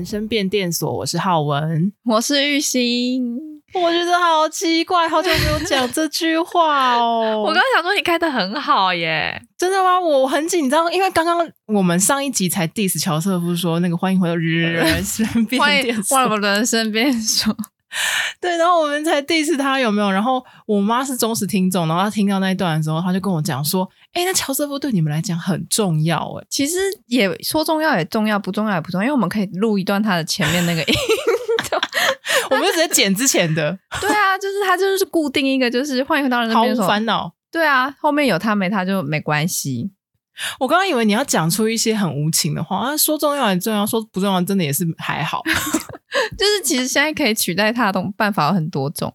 人生變電所，我是皓文，我是郁欣。我覺得好奇怪，好久沒有講這句話哦、喔。 我剛剛想說你開得很好耶，真的嗎？我很緊張，因為剛剛我們上一集才 diss 喬瑟夫說那個歡迎回到、呃、人生變電所，怪不得人生變電所。對，然後我們才 diss 他有沒有？然後我媽是忠實聽眾，然後她聽到那一段的時候，她就跟我講說。哎，那喬瑟夫對你們來講很重要哎、欸，其實也說重要也重要，不重要也不重要，因為我們可以錄一段他的前面那個音， 我們就直接剪之前的。對啊，就是他就是固定一個，就是歡迎回到那邊說煩惱。對啊，後面有他沒他就沒關係。我剛剛以為你要講出一些很無情的話，啊、說重要也重要，說不重要真的也是還好。 就是其實現在可以取代他的辦法有很多種，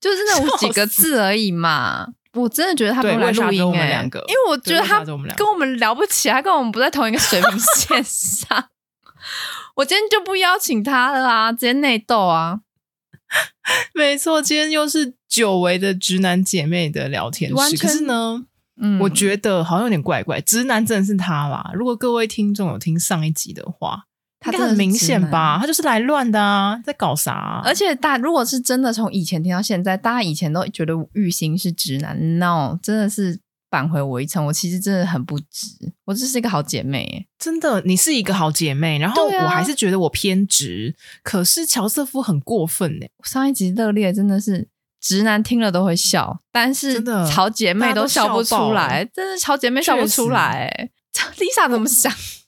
就是那有幾個字而已嘛。我真的覺得他不來錄音、欸、因為我覺得他跟我們聊不起來，跟我，他跟我們不在同一個水平線上。 我今天就不邀請他了啊，直接內鬥啊！沒錯，今天又是久違的直男姐妹的聊天室，可是呢、嗯，我覺得好像有點怪怪，直男真的是他啦。如果各位聽眾有聽上一集的話。他應該很明顯吧，他就是來亂的啊，在搞啥，啊？而且大家如果是真的從以前聽到現在，大家以前都覺得郁欣是直男，no，真的是扳回我一城。我其實真的很不直，我就是一個好姐妹，欸。真的，你是一個好姐妹。然後我還是覺得我偏直，啊，可是喬瑟夫很過分哎，欸。我上一集熱烈真的是直男聽了都會笑，但是曹真的好姐妹都笑不出來，出來真的好姐妹笑不出來，欸。Lisa 怎麼想？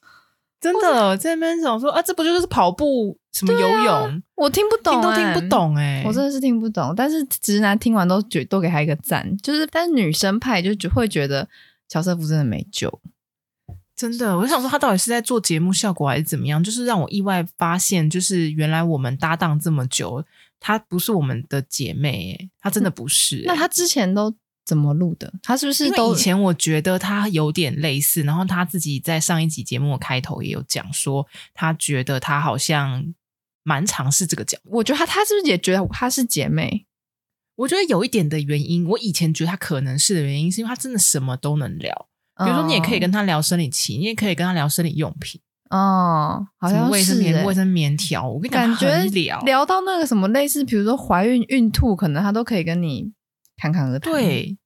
真的在那邊講說啊，這不就是跑步什麼游泳？啊、我聽不懂、欸，聽都聽不懂誒、欸，我真的是聽不懂。但是直男聽完都覺都給他一個讚，就是但是女生派就只會覺得喬瑟夫真的沒救。真的，我想說他到底是在做節目效果還是怎麼樣？就是讓我意外發現，就是原來我們搭檔這麼久，他不是我們的姐妹、欸，他真的不是、欸、嗯。那他之前都。怎麼錄的？他是不是都因為以前，我覺得他有點類似。然後他自己在上一集節目的開頭也有講說，他覺得他好像蠻嘗試這個角度。我覺得他他是不是也覺得他是姐妹？我覺得有一點的原因，我以前覺得他可能是的原因，是因為他真的什麼都能聊。比如說，你也可以跟他聊生理期，你也可以跟他聊生理用品。哦，好像是欸、衛生棉、欸、衛生棉條。我感覺聊聊到那個什麼類似，比如說懷孕、孕吐，可能他都可以跟你侃侃而談。對，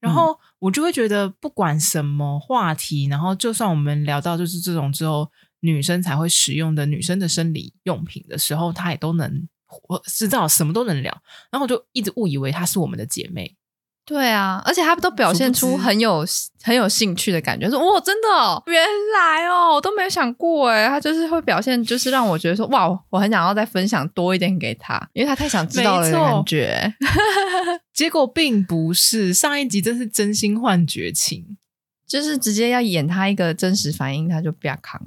然後我就會覺得，不管什麼話題、嗯，然後就算我們聊到就是這種之後，女生才會使用的女生的生理用品的時候，她也都能，我知道什麼都能聊，然後我就一直誤以為她是我們的姐妹。對啊，而且他都表現出很有直直很有興趣的感覺，說哇、哦，真的哦，原來哦，我都沒有想過哎，他就是會表現，就是讓我覺得說哇，我很想要再分享多一點給他，因為他太想知道了感覺。 結果並不是上一集，真是真心換絕情，就是直接要演他一個真實反應，他就不要扛，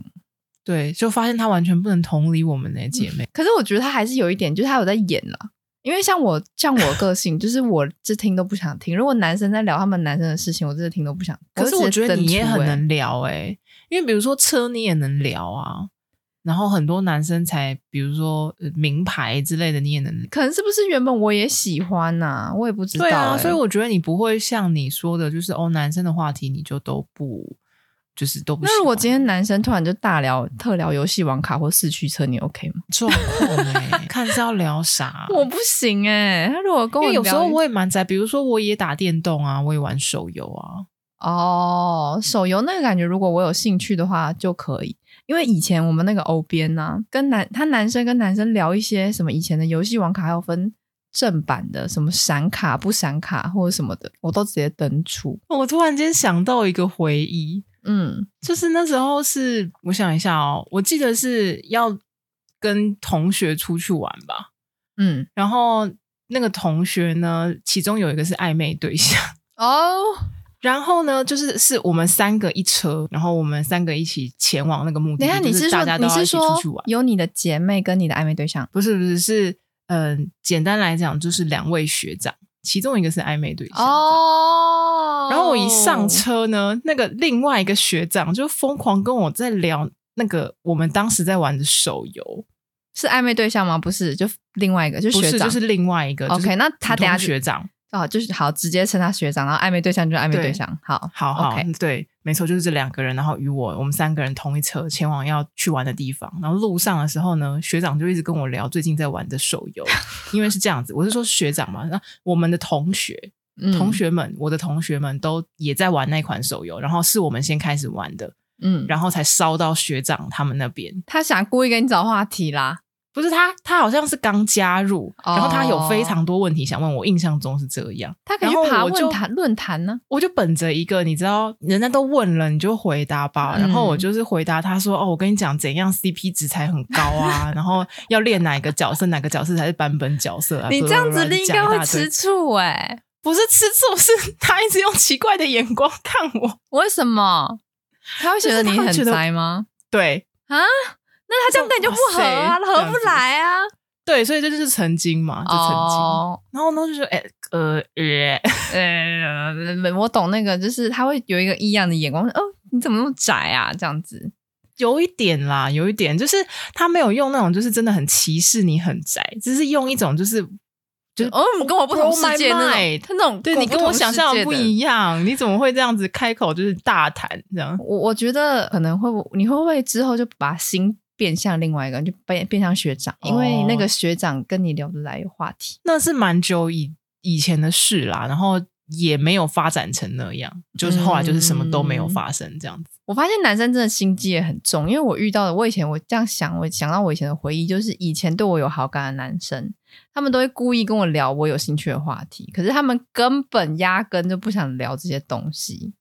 對，就發現他完全不能同理我們的姐妹，嗯。可是我覺得他還是有一點，就是他有在演了，啊。因為像我像我個性， 就是我這聽都不想聽。如果男生在聊他們男生的事情，我真的聽都不想。可是我覺得你也很能聊誒、欸， 因為比如說，車你也能聊啊，然後很多男生才比如說名牌之類的你也能，可能是不是原本我也喜歡吶、啊？我也不知道、欸對啊。所以我覺得你不會像你說的，就是哦，男生的話題你就都不。就是都不行。那如果今天男生突然就大聊特聊遊戲王卡或四驅車，你 OK 嗎？狀況， 看是要聊啥，我不行誒。他如果跟我聊，因為有時候我也蠻宅，比如說我也打電動啊，我也玩手遊啊。哦、oh,，手遊那個感覺，如果我有興趣的話就可以。因為以前我們那個歐邊啊，跟男他男生跟男生聊一些什麼以前的遊戲王卡要分正版的什麼閃卡不閃卡或者什麼的，我都直接登出。我突然間想到一個回憶。嗯，就是那時候是我想一下哦，我記得是要跟同學出去玩吧，嗯，然後那個同學呢，其中有一個是曖昧對象哦，然後呢，就是是我們三個一車，然後我們三個一起前往那個目的地，等下就是、就是大家都要一起出去玩，你你有你的姐妹跟你的曖昧對象，不是不是是，嗯、呃，簡單來講就是兩位學長。其中一個是曖昧對象，oh，然後我一上車呢，那個另外一個學長就瘋狂跟我在聊那個我們當時在玩的手遊，是曖昧對象嗎？不是，就另外一個，就學長，不是，就是另外一個，就是，OK，那他等下學長。好、oh，就是好，直接稱他學長，然後曖昧對象就是曖昧對象。好，好，好，okay. 對，沒錯，就是這兩個人，然後與我我們三個人同一車前往要去玩的地方。然後路上的時候呢，學長就一直跟我聊最近在玩的手遊， 因為是這樣子，我是說學長嘛，那我們的同學、嗯、同學們，我的同學們都也在玩那款手遊，然後是我們先開始玩的，嗯，然後才燒到學長他們那邊。他想故意跟你找話題啦。不是他，他好像是剛加入，oh. 然後他有非常多問題想問我，印象中是這樣。他可能爬論壇就論壇呢、啊，我就本着一個，你知道，人家都問了，你就回答吧、嗯。然後我就是回答他說：“哦，我跟你講怎樣 CP 值才很高啊， 然後要練哪個角色， 哪個角色才是版本角色啊。”你這樣子應該會，會吃醋哎、欸，不是吃醋，是他一直用奇怪的眼光看我。為什麼？他會覺得你很呆嗎？就是、對啊。那他這樣跟你就不合啊，合不來啊。對，所以這就是曾經嘛，就曾經。Oh. 然後呢，後就說：“哎、欸，呃、欸欸，呃，我懂那個，就是他會有一個異樣的眼光，說、呃、哦，你怎麼那麼宅啊？這樣子有一點啦，有一點，就是他沒有用那種，就是真的很歧視你，很宅，只是用一種就是、oh, 就是哦，嗯、你跟我不同世界那種，他那種對你跟我想象的不一樣， 你怎麼會這樣子開口就是大談這樣？我我覺得可能會你會不會之後就把心。”變相另外一個，就變變相學長，因為那個學長跟你聊得來，有話題。哦，那是蠻久以以前的事啦，然後也沒有發展成那樣，嗯，就是後來就是什麼都沒有發生這樣子。我發現男生真的心機也很重，因為我遇到的，我以前我這樣想，我想到我以前的回憶，就是以前對我有好感的男生，他們都會故意跟我聊我有興趣的話題，可是他們根本壓根就不想聊這些東西。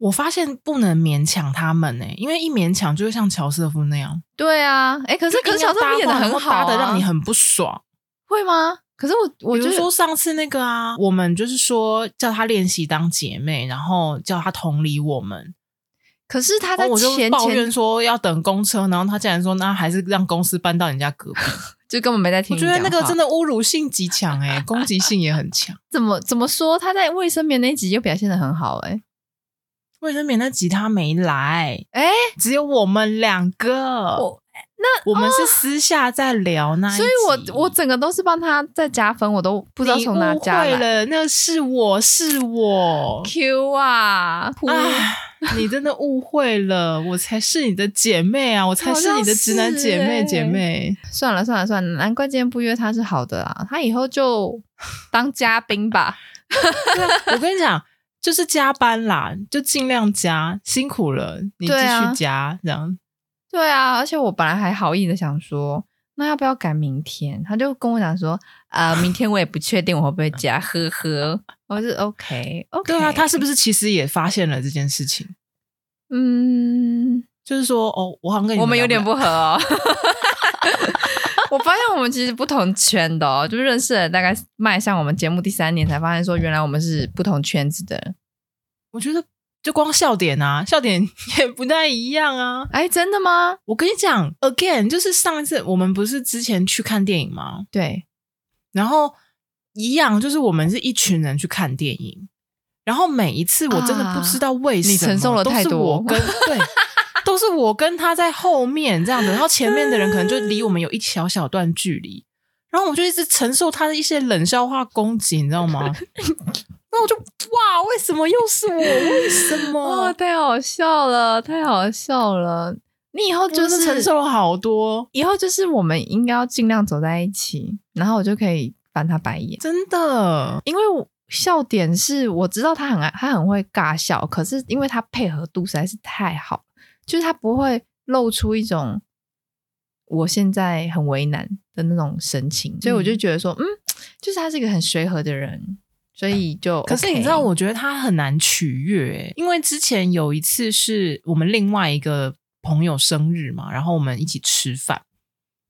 我發現不能勉強他們呢、欸，因為一勉強就會像喬瑟夫那樣。對啊，欸、可是可喬瑟夫演的很好啊。搭的讓你很不爽，會嗎？可是我，我就是、說上次那個啊，我們就是說叫他練習當姐妹，然後叫他同理我們，可是他在前，前我就抱怨說要等公車，然後他竟然說那還是讓公司搬到人家隔壁， 就根本沒在聽。我覺得那個真的侮辱性極強、欸，哎， 攻擊性也很強。怎麼怎麼說？他在衛生棉那一集就表現的很好、欸，哎。為什麼那吉他沒來，哎、欸，只有我們兩個。我那我們是私下在聊那一、哦，所以我我整個都是幫他在加分，我都不知道從哪加分。誤會了，那個、是我是我 Q 啊，啊，你真的誤會了，我才是你的姐妹啊，我才是你的直男姐妹、欸、姐妹。算了算了算了，難怪今天不約他是好的啊，他以後就當嘉賓吧。 啊、我跟你講。 就是加班啦，就盡量加，辛苦了，你繼續加、啊、這樣。對啊，而且我本來還好意的想說，那要不要改明天？他就跟我講說，啊、呃，明天我也不確定我會不會加， 呵呵，我是 OK OK。對啊，他是不是其實也發現了這件事情？嗯，就是說，哦，我好像跟你們我們有點不合哦。 我發現我們其實不同圈的哦，就認識了大概邁向我們節目第三年，才發現說原來我們是不同圈子的。我覺得就光笑點啊，笑點也不太一樣啊。哎，真的嗎？我跟你講，again，就是上一次我們不是之前去看電影嗎？對。然後一樣，就是我們是一群人去看電影，然後每一次我真的不知道為什麼你、啊、承受了太多。對。 都是我跟他在後面這樣子，然後前面的人可能就離我們有一小小段距離， 然後我就一直承受他的一些冷笑話攻擊，你知道嗎？ 然後我就哇，為什麼又是我？為什麼？哇，太好笑了，太好笑了！你以後就是承受了好多，以後就是我們應該要盡量走在一起，然後我就可以翻他白眼。真的，因為笑點是我知道他很愛他很會尬笑，可是因為他配合度實在是太好。就是他不會露出一種我現在很為難的那種神情，所以我就覺得說，嗯，嗯，就是他是一個很隨和的人，所以就、OK。可是你知道，我覺得他很難取悅，因為之前有一次是我們另外一個朋友生日嘛，然後我們一起吃飯，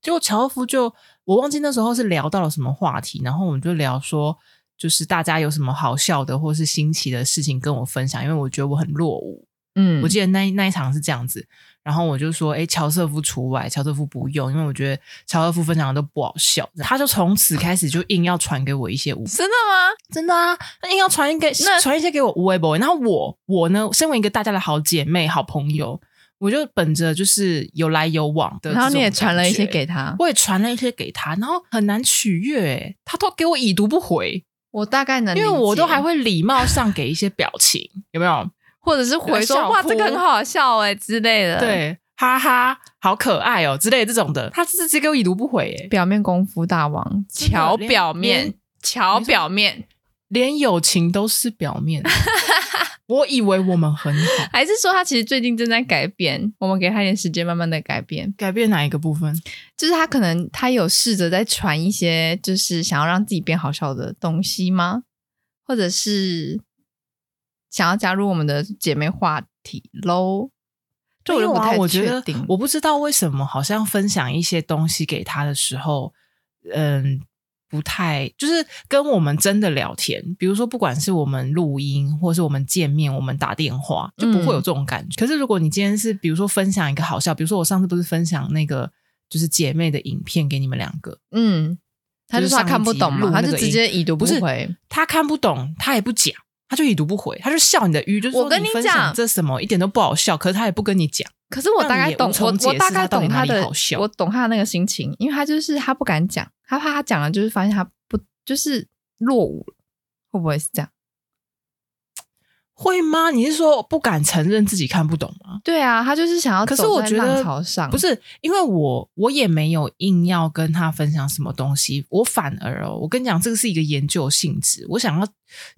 結果喬夫就，我忘記那時候是聊到了什麼話題，然後我們就聊說，就是大家有什麼好笑的或是新奇的事情跟我分享，因為我覺得我很落伍。嗯，我記得那那一場是這樣子，然後我就說，誒、欸、喬瑟夫除外，喬瑟夫不用，因為我覺得喬瑟夫分享的都不好笑。他就從此開始就硬要傳給我一些舞，真的嗎？真的啊，硬要傳給，傳一些給我喂喂喂，然後我我呢，身為一個大家的好姐妹、好朋友，我就本着就是有來有往的。然後你也傳了一些給他，我也傳了一些給他，然後很難取悅，他都給我已讀不回。我大概能，因為我都還會禮貌上給一些表情， 有沒有？或者是回說有沒有笑話哇，這個很好笑哎、欸、之類的，對，哈哈，好可愛哦、喔、之類這種的，他是直接給我已讀不回、欸，表面功夫大王，瞧表面，瞧表面，連友情都是表面， 我以為我們很好，還是說他其實最近正在改變，我們給他一點時間，慢慢的改變，改變哪一個部分？就是他可能他有試着在傳一些，就是想要讓自己變好笑的東西嗎？或者是？想要加入我們的姐妹話題嘍？就我就不太確定、啊、我，我不知道為什麼，好像分享一些東西給他的時候，嗯，不太就是跟我們真的聊天。比如說，不管是我們錄音，或是我們見面，我們打電話就不會有這種感覺。嗯、可是如果你今天是，比如說分享一個好笑，比如說我上次不是分享那個就是姐妹的影片給你們兩個，嗯，他就說他看不懂嘛，就是、他就直接已讀不回不是。他看不懂，他也不講。他就已讀不回，他就笑你的愚，就是我跟你講，這什麼，一點都不好笑，可是他也不跟你講。可是我大概懂，我我大概懂他的他好笑，我懂他的那個心情，因為他就是他不敢講，他怕他講了就是發現他不，就是落伍了，會不會是這樣？會嗎？你是說不敢承認自己看不懂嗎？對啊，他就是想要潮上。可是我覺得不是，因為我我也沒有硬要跟他分享什麼東西，我反而哦，我跟你講，這個是一個研究性質，我想要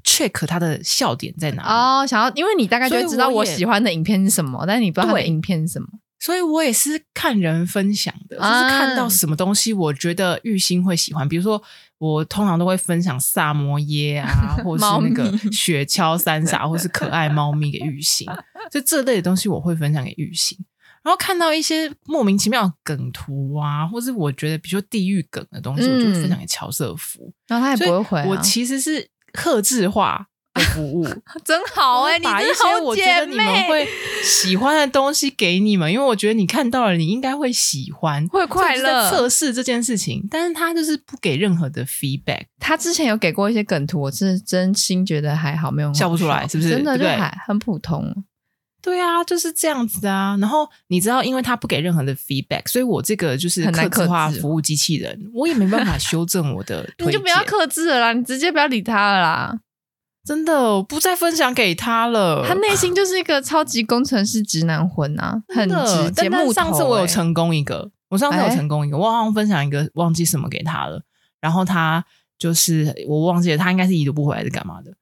check 他的笑點在哪裡。哦，想要，因為你大概就會知道我，我喜歡的影片是什麼，但你不知道他的影片是什麼，所以我也是看人分享的，嗯、就是看到什麼東西，我覺得郁欣會喜歡，比如說。我通常都會分享薩摩耶啊，或是那個雪橇三傻，或是可愛貓咪給郁欣，就這類的東西我會分享給郁欣。然後看到一些莫名其妙的梗圖啊，或是我覺得比如說地獄梗的東西，嗯、我就分享給喬瑟夫。然後他也不會回、啊。我其實是客製化的服務 真好哎、欸，把一些我覺得你們會喜歡的東西給你們， 因為我覺得你看到了，你應該會喜歡， 會快樂。測試這件事情，但是他就是不給任何的 feedback。他之前有給過一些梗圖，我是真心覺得還好，沒有笑，笑不出來，是不是？真的就還很普通。對啊，就是這樣子啊。然後你知道，因為他不給任何的 feedback，所以我這個就是客製化服務機器人、哦，我也沒辦法修正我的。 你就不要客製了啦，你直接不要理他了啦。真的，我不再分享給他了。他內心就是一個超級工程師直男魂啊，真的很直。但但上次我有成功一個、欸，我上次有成功一個，我好像分享一個忘記什麼給他了。然後他就是我忘記了，他應該是已讀不回來是幹嘛的。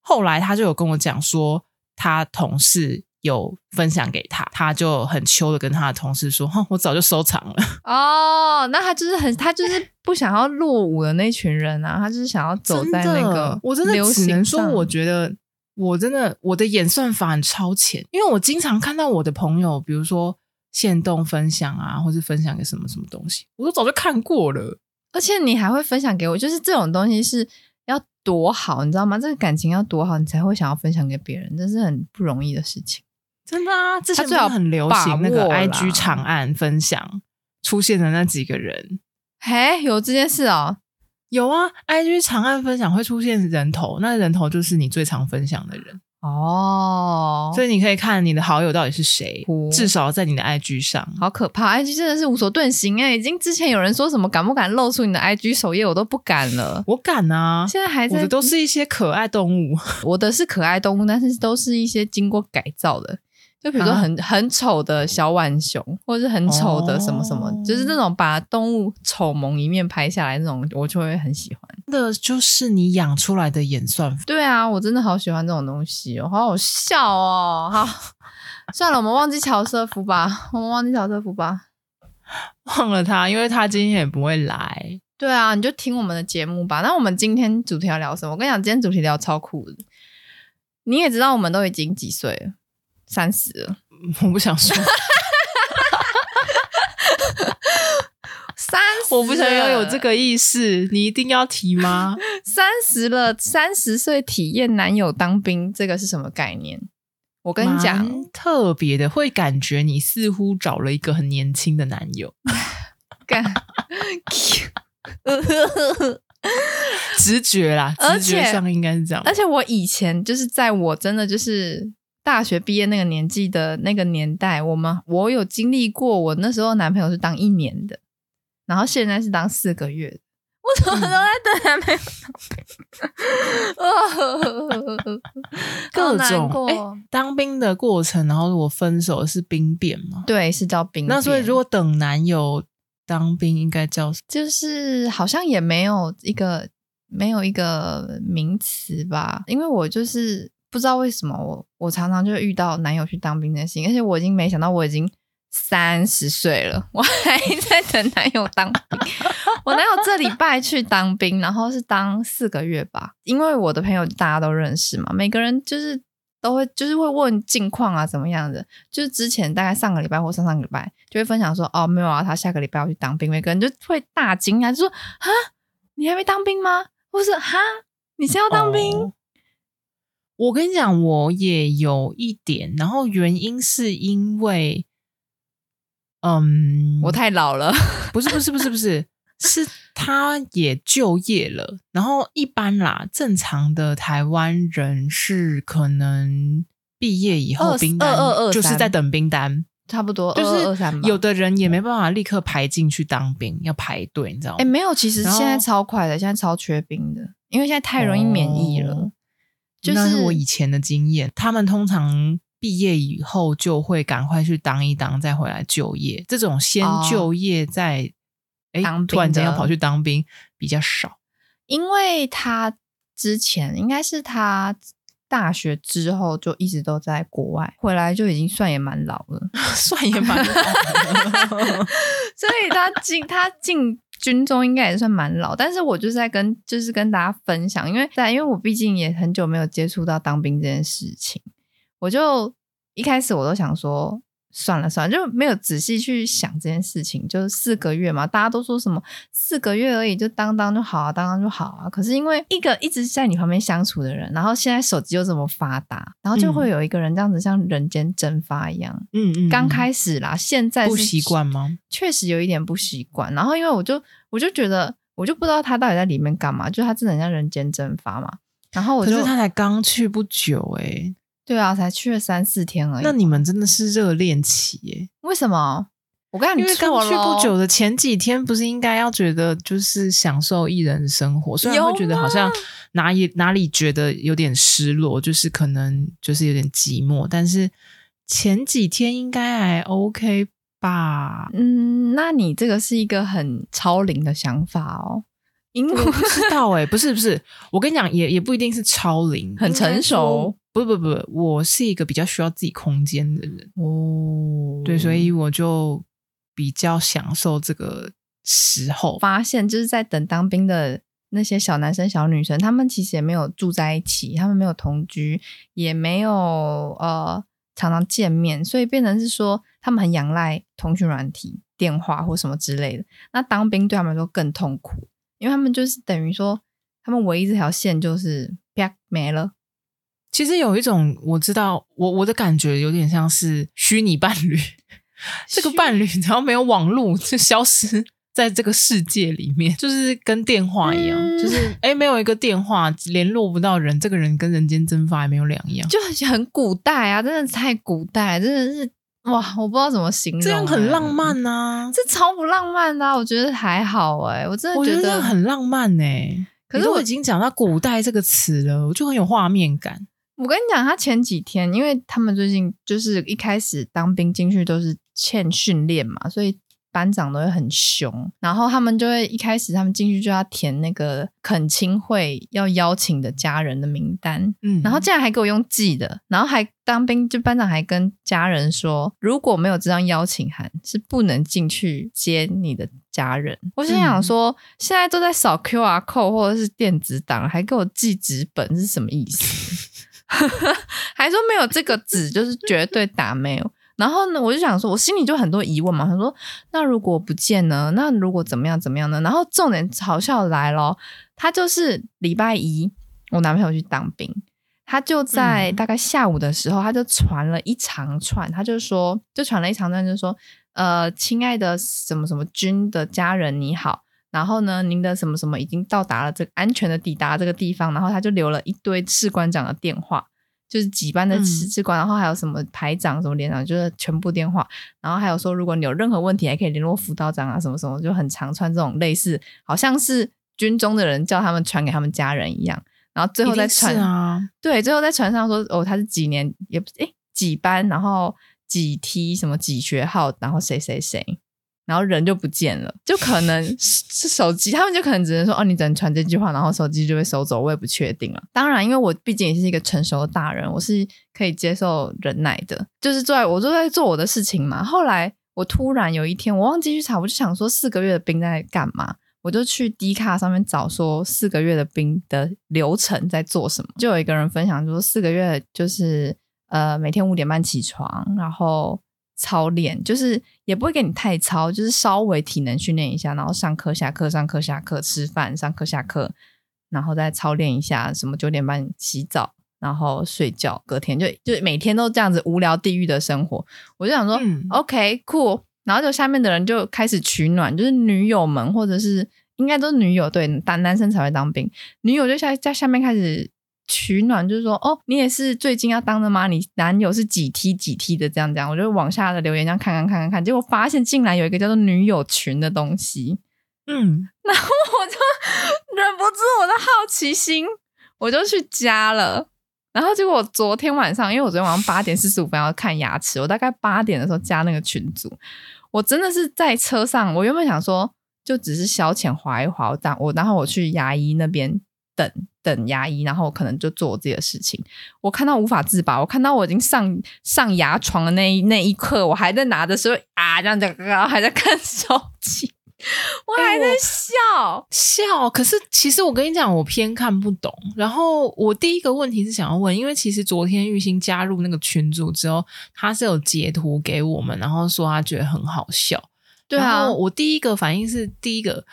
後來他就有跟我講說，他同事。有分享給他，他就很秋的跟他的同事說：“哈，我早就收藏了。”哦，那他就是很，他就是不想要落伍的那一群人啊，他就是想要走在那個流行上。真，我真的只能說，我覺得我真的我的演算法很超前，因為我經常看到我的朋友，比如說限動分享啊，或者分享給什麼什麼東西，我都早就看過了。而且你還會分享給我，就是這種東西是要多好，你知道嗎？這個感情要多好，你才會想要分享給別人，這是很不容易的事情。真的啊！之前都很流行那個 I G 長按分享出現的那幾個人，嘿，有這件事哦。有啊！I G 長按分享會出現人頭，那人頭就是你最常分享的人哦。所以你可以看你的好友到底是誰，至少在你的 I G 上。好可怕！I G 真的是無所遁形誒、啊、已經之前有人說什麼敢不敢露出你的 I G 首頁，我都不敢了。我敢啊！現在還在。我的都是一些可愛動物，我的是可愛動物，但是都是一些經過改造的。就比如說很、啊、很醜的小浣熊，或者是很醜的什麼什麼，哦、就是那種把動物醜萌一面拍下來那種，我就會很喜歡。那就是你養出來的演算法。對啊，我真的好喜歡這種東西哦、喔，好好笑哦、喔！好， 算了，我們忘記喬瑟夫吧，我們忘記喬瑟夫吧，忘了他，因為他今天也不會來。對啊，你就聽我們的節目吧。那我們今天主題要聊什麼？我跟你講，今天主題聊超酷的。你也知道，我們都已經幾歲了。三十，我不想說。 三十，我不想要有這個意識，你一定要提嗎？三十了，三十歲體驗男友當兵，這個是什麼概念？我跟你講，特別的會感覺你似乎找了一個很年輕的男友。感 直覺啦，直覺上應該是這樣而。而且我以前就是在我真的就是。大學畢業那個年紀的那個年代，我們我有經歷過。我那時候男朋友是當一年的，然後現在是當四個月。我怎麼能在等男朋友？各、嗯 哦、 種過、欸。當兵的過程，然後我分手是兵變嗎？對，是叫兵。那所以如果等男友當兵，應該叫什麼？就是好像也沒有一個沒有一個名詞吧？因為我就是。不知道為什麼我我常常就遇到男友去當兵的事情，而且我已經沒想到我已經三十歲了，我還在等男友當兵。 我男友這禮拜去當兵，然後是當四個月吧。因為我的朋友大家都認識嘛，每個人就是都會就是會問近況啊怎麼樣的。就是之前大概上個禮拜或上上個禮拜就會分享說哦，沒有啊，他下個禮拜要去當兵，每個人就會大驚啊，就說啊你還沒當兵嗎？我說哈，你是要當兵。Oh. 我跟你講，我也有一點，然後原因是因為，嗯，我太老了， 不是不是不是不是，是他也就業了，然後一般啦，正常的台灣人是可能畢業以後兵單，就是在等兵單，差不多就是有的人也沒辦法立刻排進去當兵，就是、排當兵要排隊，你知道嗎？哎，沒有，其實現在超快的，現在超缺兵的，因為現在太容易免役了。哦就是、那是我以前的經驗，他們通常畢業以後就會趕快去當一當，再回來就業。這種先就業再、哦、誒當，突然間要跑去當兵比較少。因為他之前應該是他大學之後就一直都在國外，回來就已經算也蠻老了， 算也蠻老了， 所以他進他進。軍中應該也算蠻老，但是我就是在跟，就是跟大家分享，因為在，但因為我畢竟也很久沒有接觸到當兵這件事情，我就一開始我都想說。算了算了，就沒有仔細去想這件事情。就是四個月嘛，大家都說什麼四個月而已，就當當就好啊，當當就好啊。可是因為一個一直在你旁邊相處的人，然後現在手機又這麼發達，然後就會有一個人這樣子像人間蒸發一樣。嗯嗯。剛開始啦，現在是不習慣嗎？確實有一點不習慣。然後因為我就我就覺得我就不知道他到底在裡面幹嘛，就他真的像人間蒸發嘛。然後我就可是他才剛去不久誒、欸。對啊，才去了三四天而已。那你們真的是熱戀期耶？為什麼？我跟你說因為去不久的前幾天，不是應該要覺得就是享受一人生活？雖然會覺得好像哪裡哪裡覺得有點失落，就是可能就是有點寂寞，但是前幾天應該還 OK 吧？嗯，那你這個是一個很超齡的想法哦，因為不知道哎， 不是不是，我跟你講，也也不一定是超齡，很成熟。不不不，我是一個比較需要自己空間的人哦。對，所以我就比較享受這個時候。發現就是在等當兵的那些小男生、小女生，他們其實也沒有住在一起，他們沒有同居，也沒有呃常常見面，所以變成是說他們很仰賴通訊軟體、電話或什麼之類的。那當兵對他們來說更痛苦，因為他們就是等於說，他們唯一這條線就是啪沒了。其實有一種我知道，我我的感覺有點像是虛擬伴侶，這個伴侶然後沒有網絡，就消失在這個世界裡面，就是跟電話一樣，嗯、就是哎沒有一個電話聯絡不到人，這個人跟人間蒸發也沒有兩樣，就很很古代啊，真的太古代，真的是哇，我不知道怎麼形容，這樣很浪漫啊，這超不浪漫的、啊，我覺得還好哎、欸，我真的覺我覺得很浪漫呢？、欸，可是我已經講到古代這個詞了，我就很有畫面感。我跟你講，他前幾天，因為他們最近就是一開始當兵進去都是欠訓練嘛，所以班長都會很凶。然後他們就會一開始他們進去就要填那個懇親會要邀請的家人的名單，嗯，然後竟然還給我用寄的，然後還當兵就班長還跟家人說，如果沒有這張邀請函是不能進去接你的家人。嗯、我心想說，現在都在掃 QR code 或者是電子檔，還給我寄紙本是什麼意思？ 還說沒有這個紙，就是絕對打沒有。 然後呢，我就想說，我心裡就很多疑問嘛。他說：“那如果不見呢？那如果怎麼樣怎麼樣呢？”然後重點嘲笑來咯，他就是禮拜一，我男朋友去當兵，他就在大概下午的時候，他就傳了一長串，他就說，就傳了一長串，就說：“呃，親愛的，什麼什麼君的家人，你好。”然後呢，您的什麼什麼已經到達了這個安全的抵達這個地方，然後他就留了一堆士官長的電話，就是幾班的士官、嗯，然後還有什麼排長、什麼連長，就是全部電話。然後還有說，如果你有任何問題，還可以聯絡輔導長啊，什麼什麼，就很常穿這種類似，好像是軍中的人叫他們傳給他們家人一樣。然後最後再傳啊，對，最後再傳上說哦，他是幾年也不是，哎幾班，然後幾梯什麼幾學號，然後誰誰誰，誰。然後人就不見了，就可能是手機， 他們就可能只能說哦，你只能傳這句話，然後手機就被收走，我也不確定了。當然，因為我畢竟也是一個成熟的大人，我是可以接受忍耐的，就是做我都在做我的事情嘛。後來我突然有一天我忘記去查，我就想說四個月的兵在幹嘛，我就去 D 卡上面找說四個月的兵的流程在做什麼，就有一個人分享說四個月就是呃每天五點半起床，然後。操練就是也不會給你太操，就是稍微體能訓練一下，然後上課下課，上課下課，吃飯，上課下課，然後再操練一下，什麼九點半洗澡，然後睡覺，隔天就就每天都這樣子無聊地獄的生活。我就想說，嗯，OK，酷，cool，然後就下面的人就開始取暖，就是女友們或者是應該都是女友對，但男生才會當兵，女友就下在下面開始。取暖就是說，哦，你也是最近要當的嗎？你男友是幾 T 幾 T 的這樣這樣，我就往下的留言這樣看看看看看，結果發現進來有一個叫做女友群的東西，嗯，然後我就忍不住我的好奇心，我就去加了。然後結果昨天晚上，因為我昨天晚上八點四十五分要看牙齒，我大概八點的時候加那個群組，我真的是在車上，我原本想說就只是消遣劃一劃，但我，我然後我去牙醫那邊。等等牙醫，然後可能就做我自己的事情。我看到無法自拔，我看到我已經上上牙床，的那一那一刻，我還在拿着說啊，這樣這樣，然後還在看手機，我還在笑、欸、笑。可是其實我跟你講，我偏看不懂。然後我第一個問題是想要問，因為其實昨天郁欣加入那個群組之後，他是有截圖給我們，然後說他覺得很好笑。對啊，然後我第一個反應是第一個。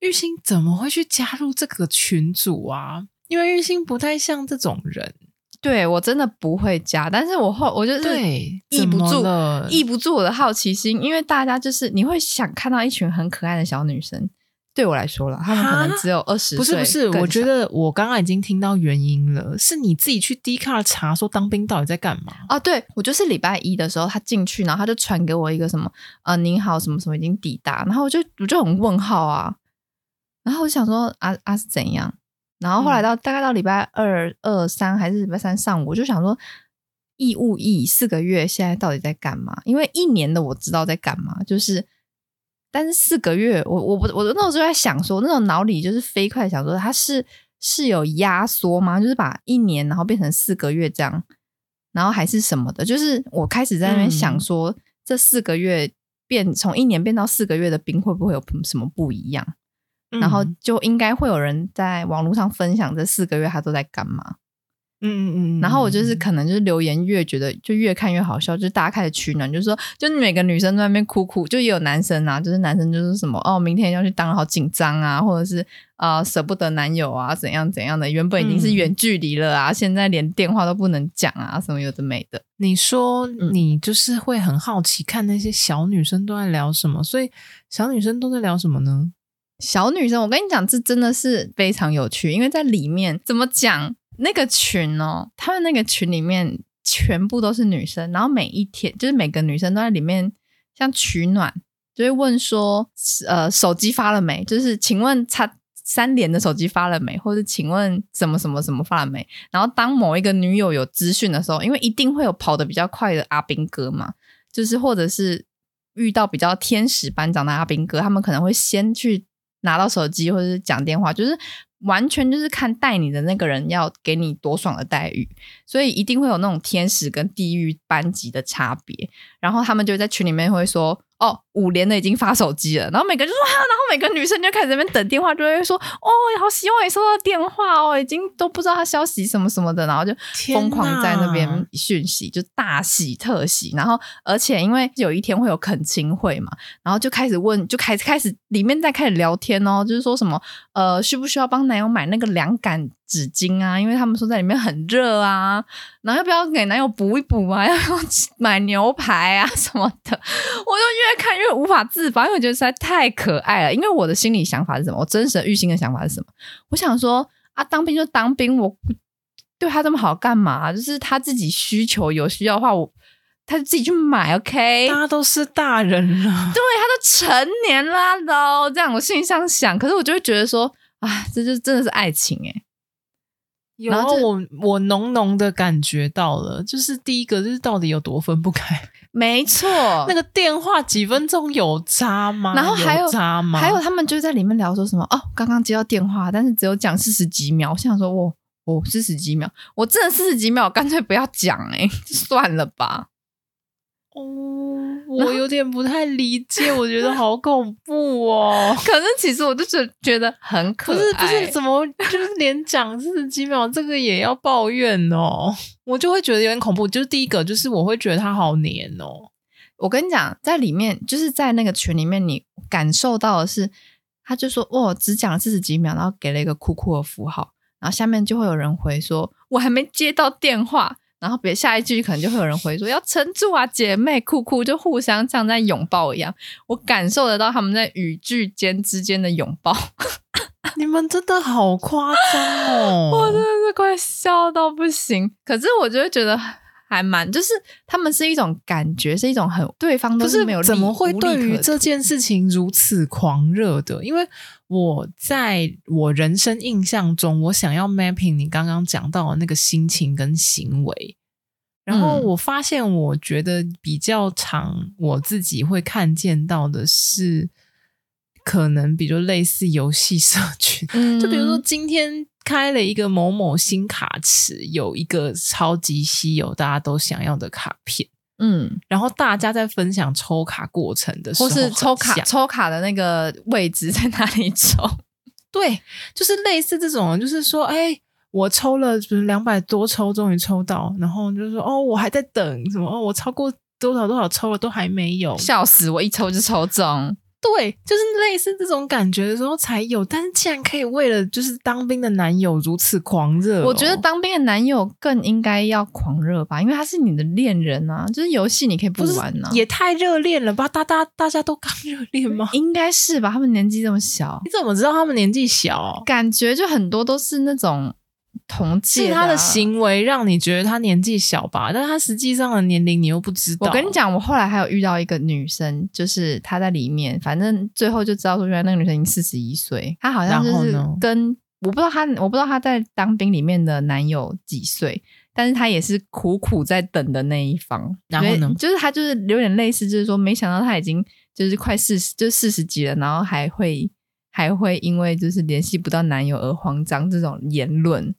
郁欣怎麼會去加入這個群組啊？因為郁欣不太像這種人，對我真的不會加。但是我後，我就是抑不住，抑不住我的好奇心。因為大家就是你會想看到一群很可愛的小女生，對我來說啦，他們可能只有二十歲，不是不是。我覺得我剛剛已經聽到原因了，是你自己去 D 卡查說當兵到底在幹嘛啊？對我就是禮拜一的時候他進去，然後他就傳給我一個什麼呃，您好，什麼什麼已經抵達，然後我就我就很問號啊。然後我就想說，阿、啊、阿、啊、是怎樣？然後後來到、嗯、大概到禮拜二、二三還是禮拜三上午，我就想說，義務役，四個月現在到底在幹嘛？因為一年的我知道在幹嘛，就是但是四個月，我我不，我那時候在想說，那種腦裡就是飛快想說，它是是有壓縮嗎？就是把一年然後變成四個月這樣，然後還是什麼的？就是我開始在那邊想說，嗯、這四個月變從一年變到四個月的兵會不會有什麼不一樣？然後就應該會有人在網絡上分享這四個月他都在幹嘛，嗯嗯嗯。然後我就是可能就是留言越覺得就越看越好笑，就是、大家開始取暖，就是說，就是、每個女生都在那邊哭哭，就也有男生啊，就是男生就是什麼哦，明天要去當好緊張啊，或者是啊、呃、捨不得男友啊，怎樣怎樣的，原本已經是遠距離了啊、嗯，現在連電話都不能講啊，什麼有的沒的。你說你就是會很好奇看那些小女生都在聊什麼，所以小女生都在聊什麼呢？小女生，我跟你講，這真的是非常有趣，因為在裡面怎麼講那個群哦，他們那個群裡面全部都是女生，然後每一天就是每個女生都在裡面像取暖，就會問說，呃，手機發了沒？就是請問她三連的手機發了沒？或者請問什麼什麼什麼發了沒？然後當某一個女友有資訊的時候，因為一定會有跑得比較快的阿兵哥嘛，就是或者是遇到比較天使班長的阿兵哥，他們可能會先去。拿到手機或者是講電話，就是完全就是看帶你的那個人要給你多爽的待遇，所以一定會有那種天使跟地獄班級的差別。然後他們就在群裡面會說，哦，五連的已經發手機了，然後每個就說，啊，然後每個女生就開始在那邊等電話，就會說，哦，好希望你收到電話哦，已經都不知道他消息什麼什麼的，然後就瘋狂在那邊訊息，就大喜特喜。然後而且因為有一天會有懇親會嘛，然後就開始問，就開始開始裡面在開始聊天哦，就是說什麼，呃，需不需要幫男友買那個涼感？紙巾啊，因為他們說在裡面很熱啊，然後要不要給男友補一補啊？要用買牛排啊什麼的，我就越看越無法自拔，因為我覺得實在太可愛了。因為我的心理想法是什麼？我真實的內心的想法是什麼？我想說啊，當兵就當兵，我對他這麼好幹嘛，啊？就是他自己需求有需要的話，我他就自己去買。OK，他都是大人了，對他都成年了，都這樣我心裡這樣想，可是我就會覺得說，啊，這就真的是愛情誒，欸。然後我我濃濃的感覺到了，就是第一個就是到底有多分不開？沒錯， 那個電話幾分鐘有差嗎？然後還有差嗎？還有他們就在裡面聊說什麼？哦，剛剛接到電話，但是只有講四十幾秒。我想說，我、哦、我、哦、四十幾秒，我真的四十幾秒，我乾脆不要講、欸，哎，算了吧。哦，我有點不太理解，我覺得好恐怖哦。 可是其實我就覺覺得很可愛，不是不是，怎麼就是連講四十幾秒 這個也要抱怨哦？ 我就會覺得有點恐怖。就是第一個，就是我會覺得他好黏哦。我跟你講，在裡面就是在那個群裡面，你感受到的是，他就說：“哦，只講四十幾秒，然後給了一個酷酷的符號，然後下面就會有人回說：我還沒接到電話。”然後別，別下一句可能就會有人回說：“要撐住啊，姐妹，酷酷，就互相像在擁抱一樣。”我感受得到他們在語句間之間的擁抱。 你們真的好誇張哦！我真的是快笑到不行。可是我就會覺得還蠻，就是他們是一種感覺，是一種很對方都是沒有是怎麼會對於這件事情如此狂熱的？嗯、因為。我在我人生印象中，我想要 mapping 你剛剛講到的那個心情跟行為，然後我發現，我覺得比較常我自己會看見到的是，可能比如類似遊戲社群，就比如說今天開了一個某某新卡池，有一個超級稀有大家都想要的卡片。嗯，然後大家在分享抽卡過程的時候，或是抽卡抽卡的那個位置在哪裡抽？ 對，就是類似這種，就是說，哎、欸，我抽了，就是兩百多抽，終於抽到，然後就是說，哦，我還在等什麼？哦，我超過多少多少抽了，都還沒有，笑死我，一抽就抽中。對，就是類似這種感覺的時候才有。但是，竟然可以為了就是當兵的男友如此狂熱哦。我覺得當兵的男友更應該要狂熱吧，因為他是你的戀人啊。就是遊戲你可以不玩呢，也太熱戀了吧？大大大家都剛熱戀嗎？應該是吧，他們年紀這麼小，你怎麼知道他們年紀小哦？感覺就很多都是那種。同濟、啊，他的行為讓你覺得他年紀小吧？但他實際上的年齡你又不知道。我跟你講，我後來還有遇到一個女生，就是她在裡面，反正最後就知道說，原來那個女生已經四十一歲。她好像就是跟，我不知道她，我不知道她在當兵裡面的男友幾歲，但是她也是苦苦在等的那一方。然後呢，就是她就是有點類似，就是說，沒想到她已經就是快四十，就四十幾了，然後還會還會因為就是聯繫不到男友而慌張這種言論。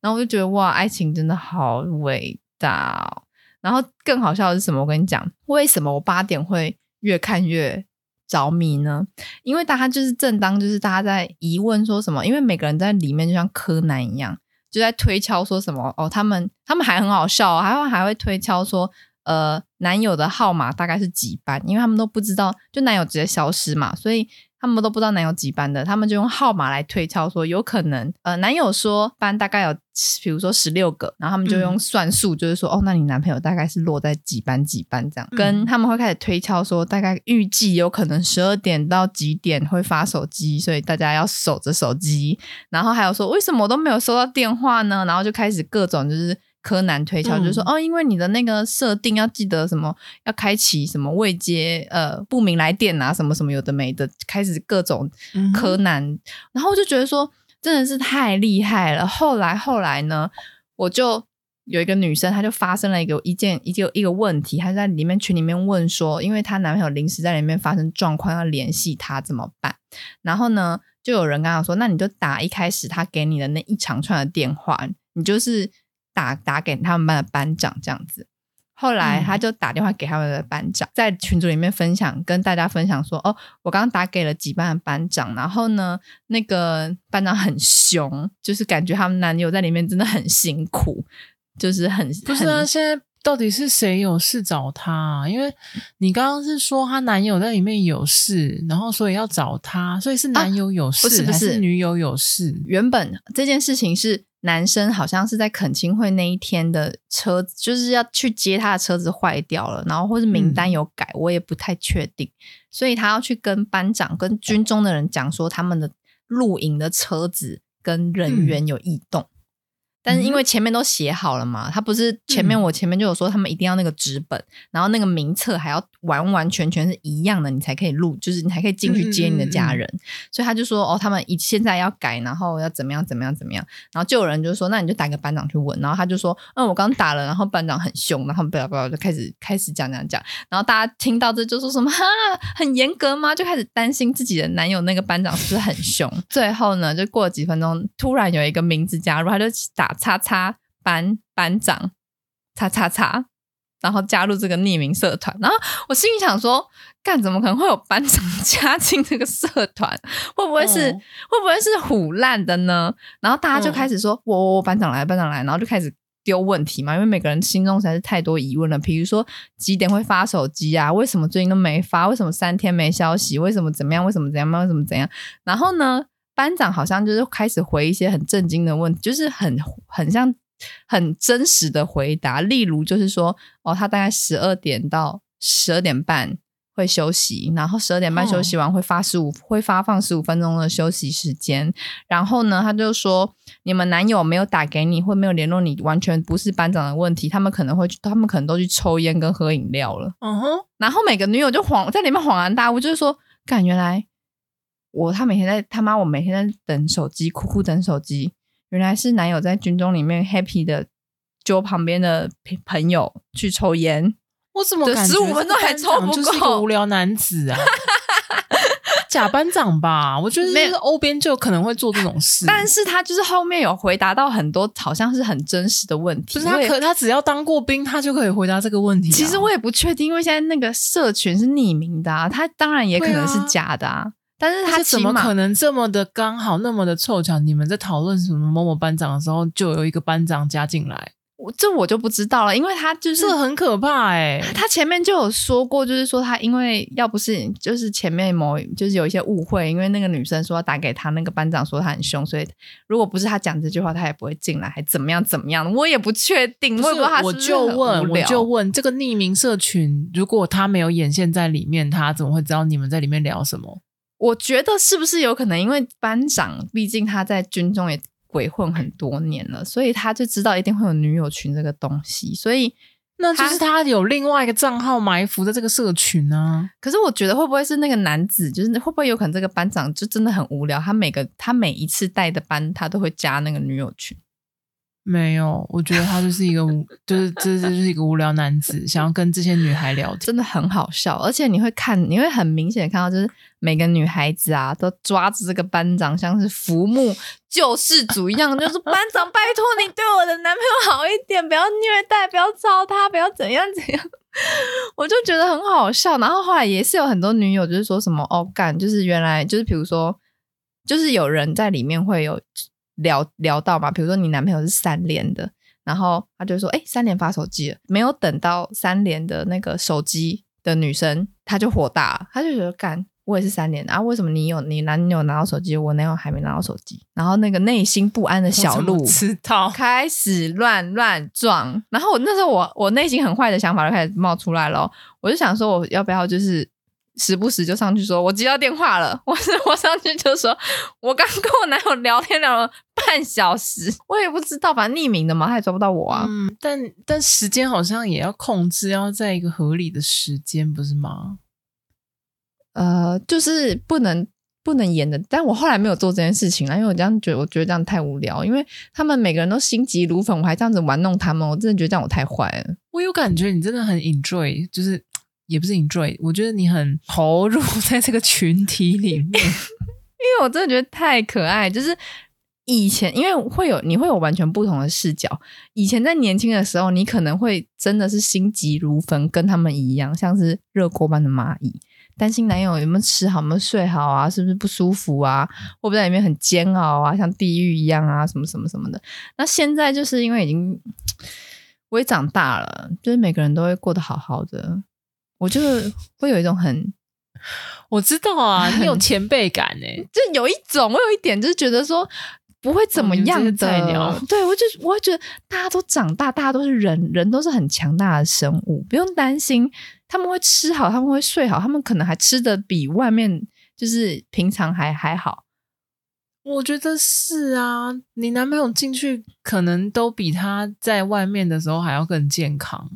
然後我就覺得哇，愛情真的好偉大。然後更好笑的是什麼？我跟你講，為什麼我八點會越看越着迷呢？因為大家就是正當，就是大家在疑問說什麼？因為每個人在裡面就像柯南一樣，就在推敲說什麼。哦，他們他們還很好笑，還會還會推敲說，呃，男友的號碼大概是幾班？因為他們都不知道，就男友直接消失嘛，所以。他們都不知道男友幾班的，他們就用號碼來推敲，說有可能，呃，男友說班大概有，比如說十六個，然後他們就用算數，就是說、嗯，哦，那你男朋友大概是落在幾班幾班這樣，跟他們會開始推敲說，大概預計有可能十二點到幾點會發手機，所以大家要守着手機，然後還有說為什麼我都沒有收到電話呢？然後就開始各種就是。柯南推敲就是說，哦，因為你的那個設定要記得什麼，嗯、要開啟什麼未接呃，不明來電啊，什麼什麼有的沒的，開始各種柯南、嗯。然後我就覺得說真的是太厲害了。後來後來呢，我就有一個女生，她就發生了一個一件、一、件一個一個問題，她在裡面群裡面問說，因為她男朋友臨時在裡面發生狀況要聯繫她怎麼辦？然後呢，就有人剛剛說，那你就打一開始他給你的那一長串的電話，你就是。打打給他們班的班長這樣子，後來他就打電話給他們的班長，嗯，在群組裡面分享，跟大家分享說：“哦，我剛打給了幾班的班長，然後呢，那個班長很凶，就是感覺他們男友在裡面真的很辛苦，就是很……很不是那、啊、些。到底是誰有事找他？因為你剛剛是說她男友在裡面有事，然後所以要找他，所以是男友有事，啊、不是不是還是女友有事？原本這件事情是男生好像是在懇親會那一天的車，就是要去接他的車子壞掉了，然後或是名單有改，嗯、我也不太確定，所以他要去跟班長跟軍中的人講說他們的露營的車子跟人員有異動。嗯。但是因為前面都寫好了嘛、嗯，他不是前面我前面就有說他們一定要那個紙本、嗯，然後那個名冊還要完完全全是一樣的，你才可以錄，就是你才可以進去接你的家人。嗯、所以他就說哦，他們一現在要改，然後要怎麼樣怎麼樣怎麼樣，然後就有人就說，那你就打給班長去問，然後他就說嗯，我剛打了，然後班長很兇，然後他們巴拉巴拉就開始開始講講講，然後大家聽到這就說什麼哈，很嚴格嗎？就開始擔心自己的男友那個班長是不是很兇。 最後呢，就過了幾分鐘，突然有一個名字加入，他就打。叉叉班班長叉叉叉，然後加入這個匿名社團。然後我心裡想說，幹，怎麼可能會有班長加進這個社團？會不會是、嗯、會不會是唬爛的呢？然後大家就開始說，哇哇哇，班長來班長來，然後就開始丟問題嘛，因為每個人心中實在是太多疑問了。比如說幾點會發手機啊？為什麼最近都沒發？為什麼三天沒消息？為什麼怎麼樣？為什麼怎麼樣？為什麼怎麼樣？然後呢？班長好像就是開始回一些很震驚的問題，就是很很像很真實的回答，例如就是說，哦，他大概十二點到十二點半會休息，然後十二點半休息完會發十五、哦、會發放十五分鐘的休息時間，然後呢，他就說你們男友沒有打給你或沒有聯絡你，完全不是班長的問題，他們可能會去他們可能都去抽菸跟喝飲料了，嗯哼，然後每個女友就恍在裡面恍然大悟，就是說，幹，原來。我他，每天在他媽，我每天在等手機，苦苦等手機。原來是男友在軍中裡面 happy 的，揪旁邊的朋友去抽菸。我怎麼感覺十五分鐘還抽不夠？一個無聊男子啊， 假班長吧？我覺得那個歐邊就可能會做這種事。但是他就是後面有回答到很多，好像是很真實的問題。可是他可他只要當過兵，他就可以回答這個問題啊。其實我也不確定，因為現在那個社群是匿名的啊，他當然也可能是假的啊。但是他但是怎麼可能這麼的剛好 那麼的湊巧？你們在討論什麼某某班長的時候，就有一個班長加進來，我這我就不知道了，因為他就是這很可怕哎、欸。他前面就有說過，就是說他因為要不是就是前面某就是有一些誤會，因為那個女生說要打給他，那個班長說他很凶，所以如果不是他講這句話，他也不會進來，還怎麼樣怎麼樣？我也不確定，不是，是不，是他是不是？我就問，我就問這個匿名社群，如果他沒有眼線在裡面，他怎麼會知道你們在裡面聊什麼？我覺得是不是有可能，因為班長畢竟他在軍中也鬼混很多年了，嗯、所以他就知道一定會有女友群這個東西，所以那就是他有另外一個賬號埋伏的這個社群呢、啊。可是我覺得會不會是那個男子，就是會不會有可能這個班長就真的很無聊，他每個他每一次帶的班，他都會加那個女友群。沒有，我覺得他就是一個， 就是這這、就是、就是一個無聊男子，想要跟這些女孩聊，真的很好笑。而且你會看，你會很明顯的看到，就是每個女孩子啊，都抓着這個班長，像是浮木救世主一樣，就是班長， 拜托你對我的男朋友好一點，不要虐待，不要糟蹋，不要怎樣怎樣。 我就覺得很好笑。然後後來也是有很多女友就是說什麼哦，幹，就是原來就是比如說，就是有人在裡面會有。聊聊到嘛，比如說你男朋友是三連的，然後他就說：“哎、欸，三連發手機了，沒有等到三連的那個手機的女生，他就火大，他就覺得幹，我也是三連，啊，為什麼你有你男友拿到手機，我男友還沒拿到手機？然後那個內心不安的小鹿，開始亂亂撞，然後我那時候我我內心很壞的想法就開始冒出來了，我就想說我要不要就是。”時不時就上去說，我接到電話了。我是我上去就說，我剛跟我男友聊天聊了半小時，我也不知道，反正匿名的嘛，他也抓不到我啊。嗯，但但時間好像也要控制，要在一個合理的時間，不是嗎？呃，就是不能不能演的。但我後來沒有做這件事情了，因為我這樣覺得，我覺得這樣太無聊。因為他們每個人都心急如焚，我還這樣子玩弄他們，我真的覺得這樣我太壞了。我有感覺你真的很 enjoy，就是。也不是你追，我覺得你很投入在這個群體裡面， 因為我真的覺得太可愛。就是以前因為會有你會有完全不同的視角。以前在年輕的時候，你可能會真的是心急如焚，跟他們一樣，像是熱鍋般的螞蟻，擔心男友有沒有吃好、有沒有睡好啊，是不是不舒服啊，會不會在裡面很煎熬啊，像地獄一樣啊，什麼什麼什麼的。那現在就是因為已經我也長大了，就是每個人都會過得好好的。我就會有一種很、很，我知道啊，很你有前輩感哎，就有一種，我有一點就是覺得說不會怎麼樣的。的菜鳥，對我就，我會覺得大家都長大，大家都是人，人都是很強大的生物，不用擔心他們會吃好，他們會睡好，他們可能還吃得比外面就是平常還還好。我覺得是啊，你男朋友進去可能都比他在外面的時候還要更健康。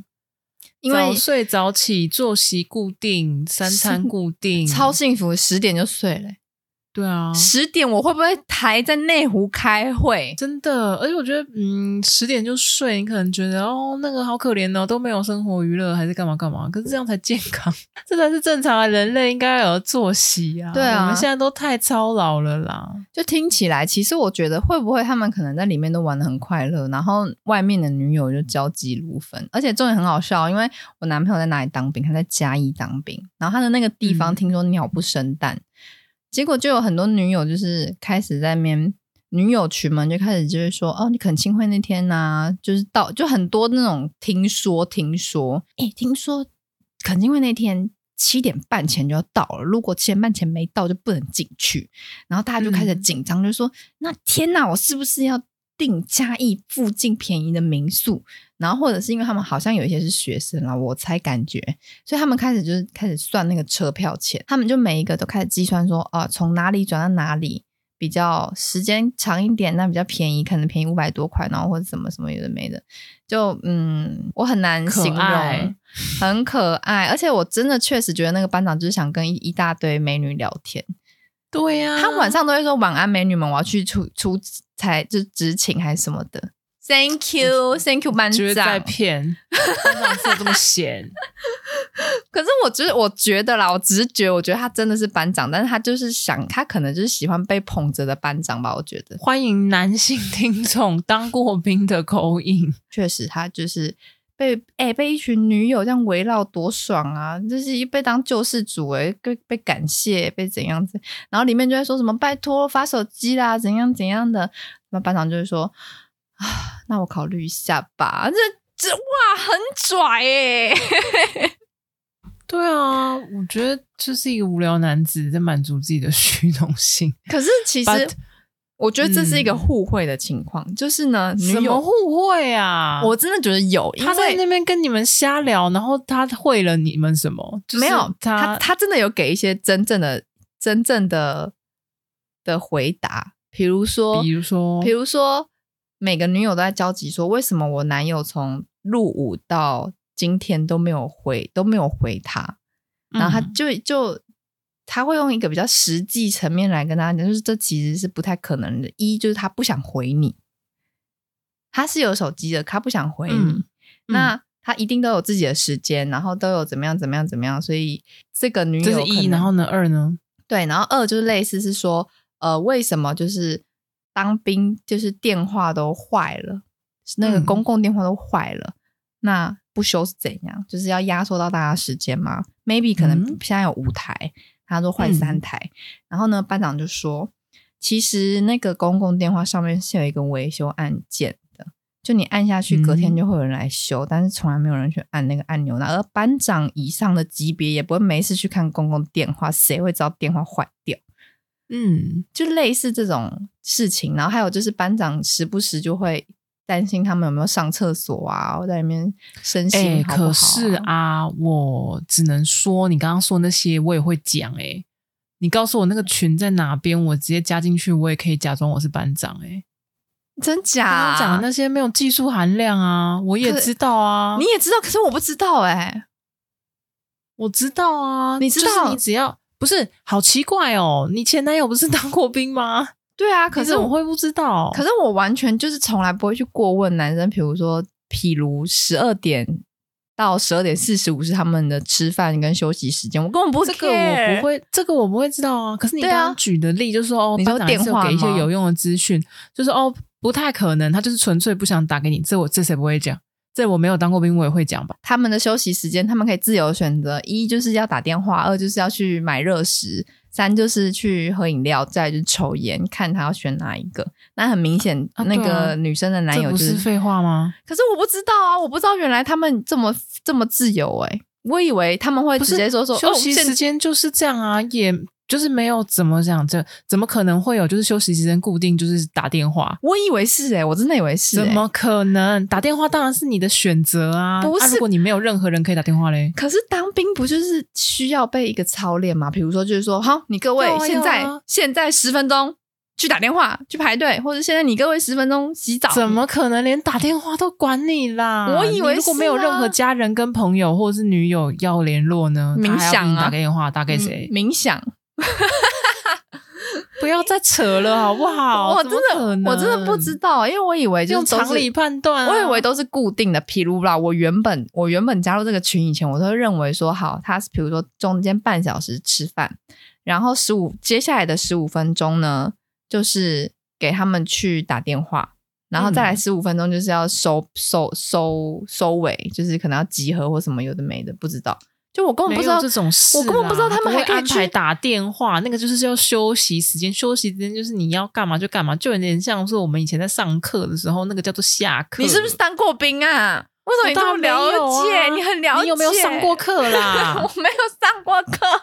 因為早睡早起，作息固定，三餐固定，超幸福，十點就睡了欸。對啊，十點我會不會還在內湖開會？真的，而且我覺得，嗯，十點就睡，你可能覺得哦，那個好可憐哦，都沒有生活娛樂，還是幹嘛幹嘛？可是這樣才健康， 這才是正常的人類應該有的作息啊。對啊，我們現在都太操勞了啦。就聽起來，其實我覺得會不會他們可能在裡面都玩得很快樂，然後外面的女友就焦急如焚、嗯。而且重點很好笑，因為我男朋友在哪裡當兵？他在嘉義當兵，然後他的那個地方、嗯、聽說鳥不生蛋。結果就有很多女友，就是開始在面女友群們就開始就是說哦，你懇親會那天呢、啊，就是到就很多那種聽說聽說，哎，聽說懇親會那天七點半前就要到了，如果七點半前沒到就不能進去，然後大家就開始緊張，嗯、就說那天吶，我是不是要訂嘉義附近便宜的民宿？然後或者是因為他們好像有一些是學生了，我猜感覺，所以他們開始就是開始算那個車票錢，他們就每一個都開始計算說，啊，從哪裡轉到哪裡比較時間長一點，那比較便宜，可能便宜五百多塊，然後或者什麼什麼有的沒的，就嗯，我很難形容，很可愛，而且我真的確實覺得那個班長就是想跟一,一大堆美女聊天，對呀，啊，他晚上都會說晚安美女們，我要去出出差，就執勤還是什麼的。Thank you, thank you，班長。就是在騙班長做這麼閒。 可是我就是我覺得啦，我直覺，我覺得他真的是班長，但是他就是想，他可能就是喜歡被捧着的班長吧。我覺得歡迎男性聽眾，當過兵的 call in，確實他就是被哎、欸、被一群女友這樣圍繞多爽啊！就是一被當救世主哎、欸，被被感謝、欸、被怎樣子，然後裡面就在說什麼拜託發手機啦，怎樣怎樣的，那班長就會說。啊，那我考慮一下吧。這這哇，很拽耶、欸！ 對啊，我覺得這是一個無聊男子在滿足自己的虛榮心。可是其實，我覺得這是一個互惠的情況。But, 嗯、就是呢，怎麼互惠啊？我真的覺得有因為他在那邊跟你們瞎聊，然後他會了你們什麼？就是、沒有他，他真的有給一些真正的、真正的的回答。比如說，比如說，比如說。每個女友都在焦急說：“為什麼我男友從入伍到今天都沒有回都沒有回他？”然後他就就他會用一個比較實際層面來跟他講，就是這其實是不太可能的。一就是他不想回你，他是有手機的，他不想回你、嗯嗯。那他一定都有自己的時間，然後都有怎麼樣怎麼樣怎麼樣。所以這個女友是一，然後呢二呢？對，然後二就是類似是說，呃，為什麼就是。當兵就是電話都壞了，那個公共電話都壞了。嗯，那不修是怎樣？就是要壓縮到大家的時間嗎？Maybe、嗯、可能現在有五台，他說壞三台、嗯。然後呢，班長就說，其實那個公共電話上面是有一個維修按鍵的，就你按下去，隔天就會有人來修。嗯，但是從來沒有人去按那個按鈕。那而班長以上的級別也不會沒事去看公共電話，誰會知道電話壞掉？嗯，就類似這種。事情，然後還有就是班長時不時就會擔心他們有沒有上廁所啊，我在裡面身心，欸好不好啊？可是啊，我只能說你剛剛說的那些我也會講誒、欸、你告訴我那個群在哪邊，我直接加進去，我也可以假裝我是班長誒、欸、真假？剛剛講的那些沒有技術含量啊，我也知道啊，你也知道，可是我不知道誒、欸、我知道啊，你知道？就是，你只要不是好奇怪哦，你前男友不是當過兵嗎？嗯對啊，可是我，我會不知道，哦。可是我完全就是從來不會去過問男生，比如說，譬如十二點到十二點四十五是他們的吃飯跟休息時間，我根本不會。這個我不會，這個我不會知道啊。可是你剛剛舉的例就是說、啊、哦，你要打電話給一些有用的資訊，說就是哦不太可能，他就是純粹不想打給你。這我這誰不會講？這我沒有當過兵，我也會講吧。他們的休息時間，他們可以自由選擇：一就是要打電話，二就是要去買熱食。三就是去喝飲料，再就是抽菸，看他要選哪一個。那很明顯、啊，那個女生的男友就是啊、不是廢話嗎？可是我不知道啊，我不知道原來他們這麼這麼自由哎、欸，我以為他們會直接說說、哦、休息時間就是這樣啊也。就是沒有怎麼想著，怎麼可能會有？就是休息時間固定就是打電話，我以為是誒、欸、我真的以為是、欸，怎麼可能打電話？當然是你的選擇啊，不是？啊、如果你沒有任何人可以打電話嘞。可是當兵不就是需要被一個操練嘛？比如說就是說，好，你各位、哎、現在現在十分鐘去打電話去排隊，或者現在你各位十分鐘洗澡，怎麼可能連打電話都管你啦？我以為是、啊、如果沒有任何家人跟朋友或者是女友要聯絡呢，冥想啊，打個電話打給誰？冥想。哈哈哈！不要再扯了，好不好？我真的我真的不知道，因為我以為就是是用常理判斷啊，我以為都是固定的。譬如啦，我原本我原本加入這個群以前，我都認為說，好，他是比如說中間半小時吃飯，然後十五，接下來的十五分鐘呢，就是給他們去打電話，然後再來十五分鐘就是要收收收收，收尾，就是可能要集合或什麼有的沒的，不知道。就我根本不知道這種事，啊，我根本不知道他們還安排打電話。那個就是叫休息時間，休息時間就是你要幹嘛就幹嘛，就有點像是我們以前在上課的時候，那個叫做下課。你是不是當過兵啊？為什麼你這麼了解？啊、你很了解？你有沒有上過課啦？ 我沒有上過課。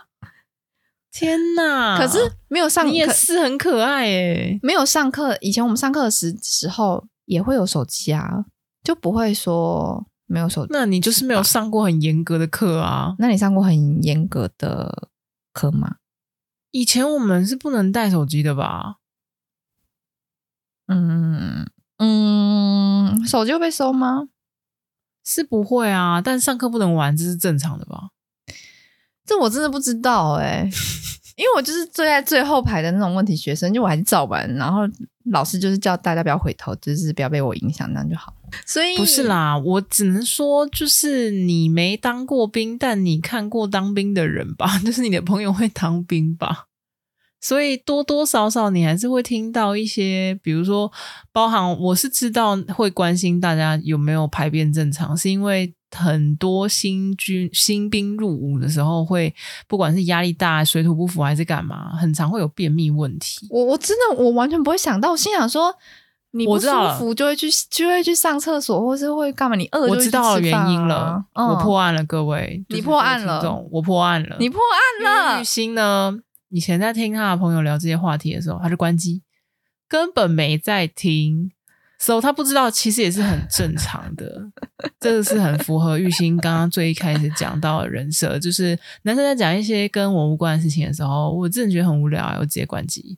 天哪！可是沒有上，你也是很可愛誒、欸。沒有上課，以前我們上課的時時候也會有手機啊，就不會說。沒有手機，那你就是沒有上過很嚴格的課啊？那你上過很嚴格的課嗎？以前我們是不能帶手機的吧？嗯嗯，手機會被收嗎？是不會啊，但上課不能玩，這是正常的吧？這我真的不知道哎、欸， 因為我就是坐在最後排的那種問題學生，就我還是照玩，然後老師就是叫大家不要回頭，就是不要被我影響，那樣就好。所以不是啦，我只能說，就是你沒當過兵，但你看過當兵的人吧，就是你的朋友會當兵吧，所以多多少少你還是會聽到一些，比如說，包含我是知道會關心大家有沒有排便正常，是因為很多新軍新兵入伍的時候會，不管是壓力大、水土不服還是幹嘛，很常會有便秘問題。我我真的我完全不會想到，我心想說。你不舒服就會去，就會去上廁所，或是會幹嘛？你餓、啊，我知道原因了。嗯、我破案了，各位，你破案了、就是，我破案了，你破案了。郁欣呢？以前在聽他的朋友聊這些話題的時候，他就關機，根本沒在聽。所、so, 以他不知道，其實也是很正常的。這 個是很符合郁欣剛剛最一開始講到的人設，就是男生在講一些跟我無關的事情的時候，我真的覺得很無聊啊，我直接關機，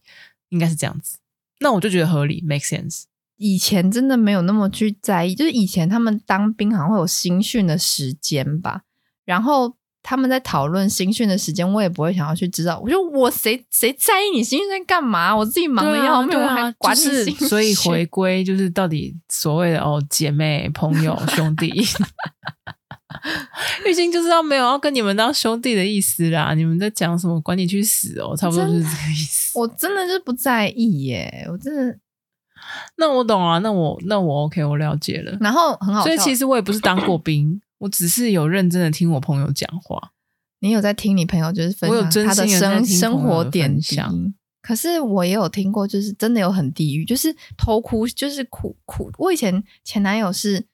應該是這樣子。那我就覺得合理，make sense。以前真的沒有那麼去在意，就是以前他們當兵好像會有新訓的時間吧，然後他們在討論新訓的時間，我也不會想要去知道。我說我誰誰在意你新訓在幹嘛？我自己忙的要命，我、啊、還管你、就是、所以回歸就是到底所謂的哦，姐妹、朋友、兄弟。 畢 竟就是要沒有要跟你們當兄弟的意思啦！你們在講什麼？管你去死哦！差不多就是這個意思。我真的是不在意耶，我真的。 那我懂啊，那我那我 OK，我了解了。然後很好，所以其實我也不是當過兵，我只是有認真的聽我朋友講話。你有在聽你朋友就是分享他的生的生活點想？可是我也有聽過，就是真的有很地獄，就是偷哭，就是哭哭。我以前前男友是。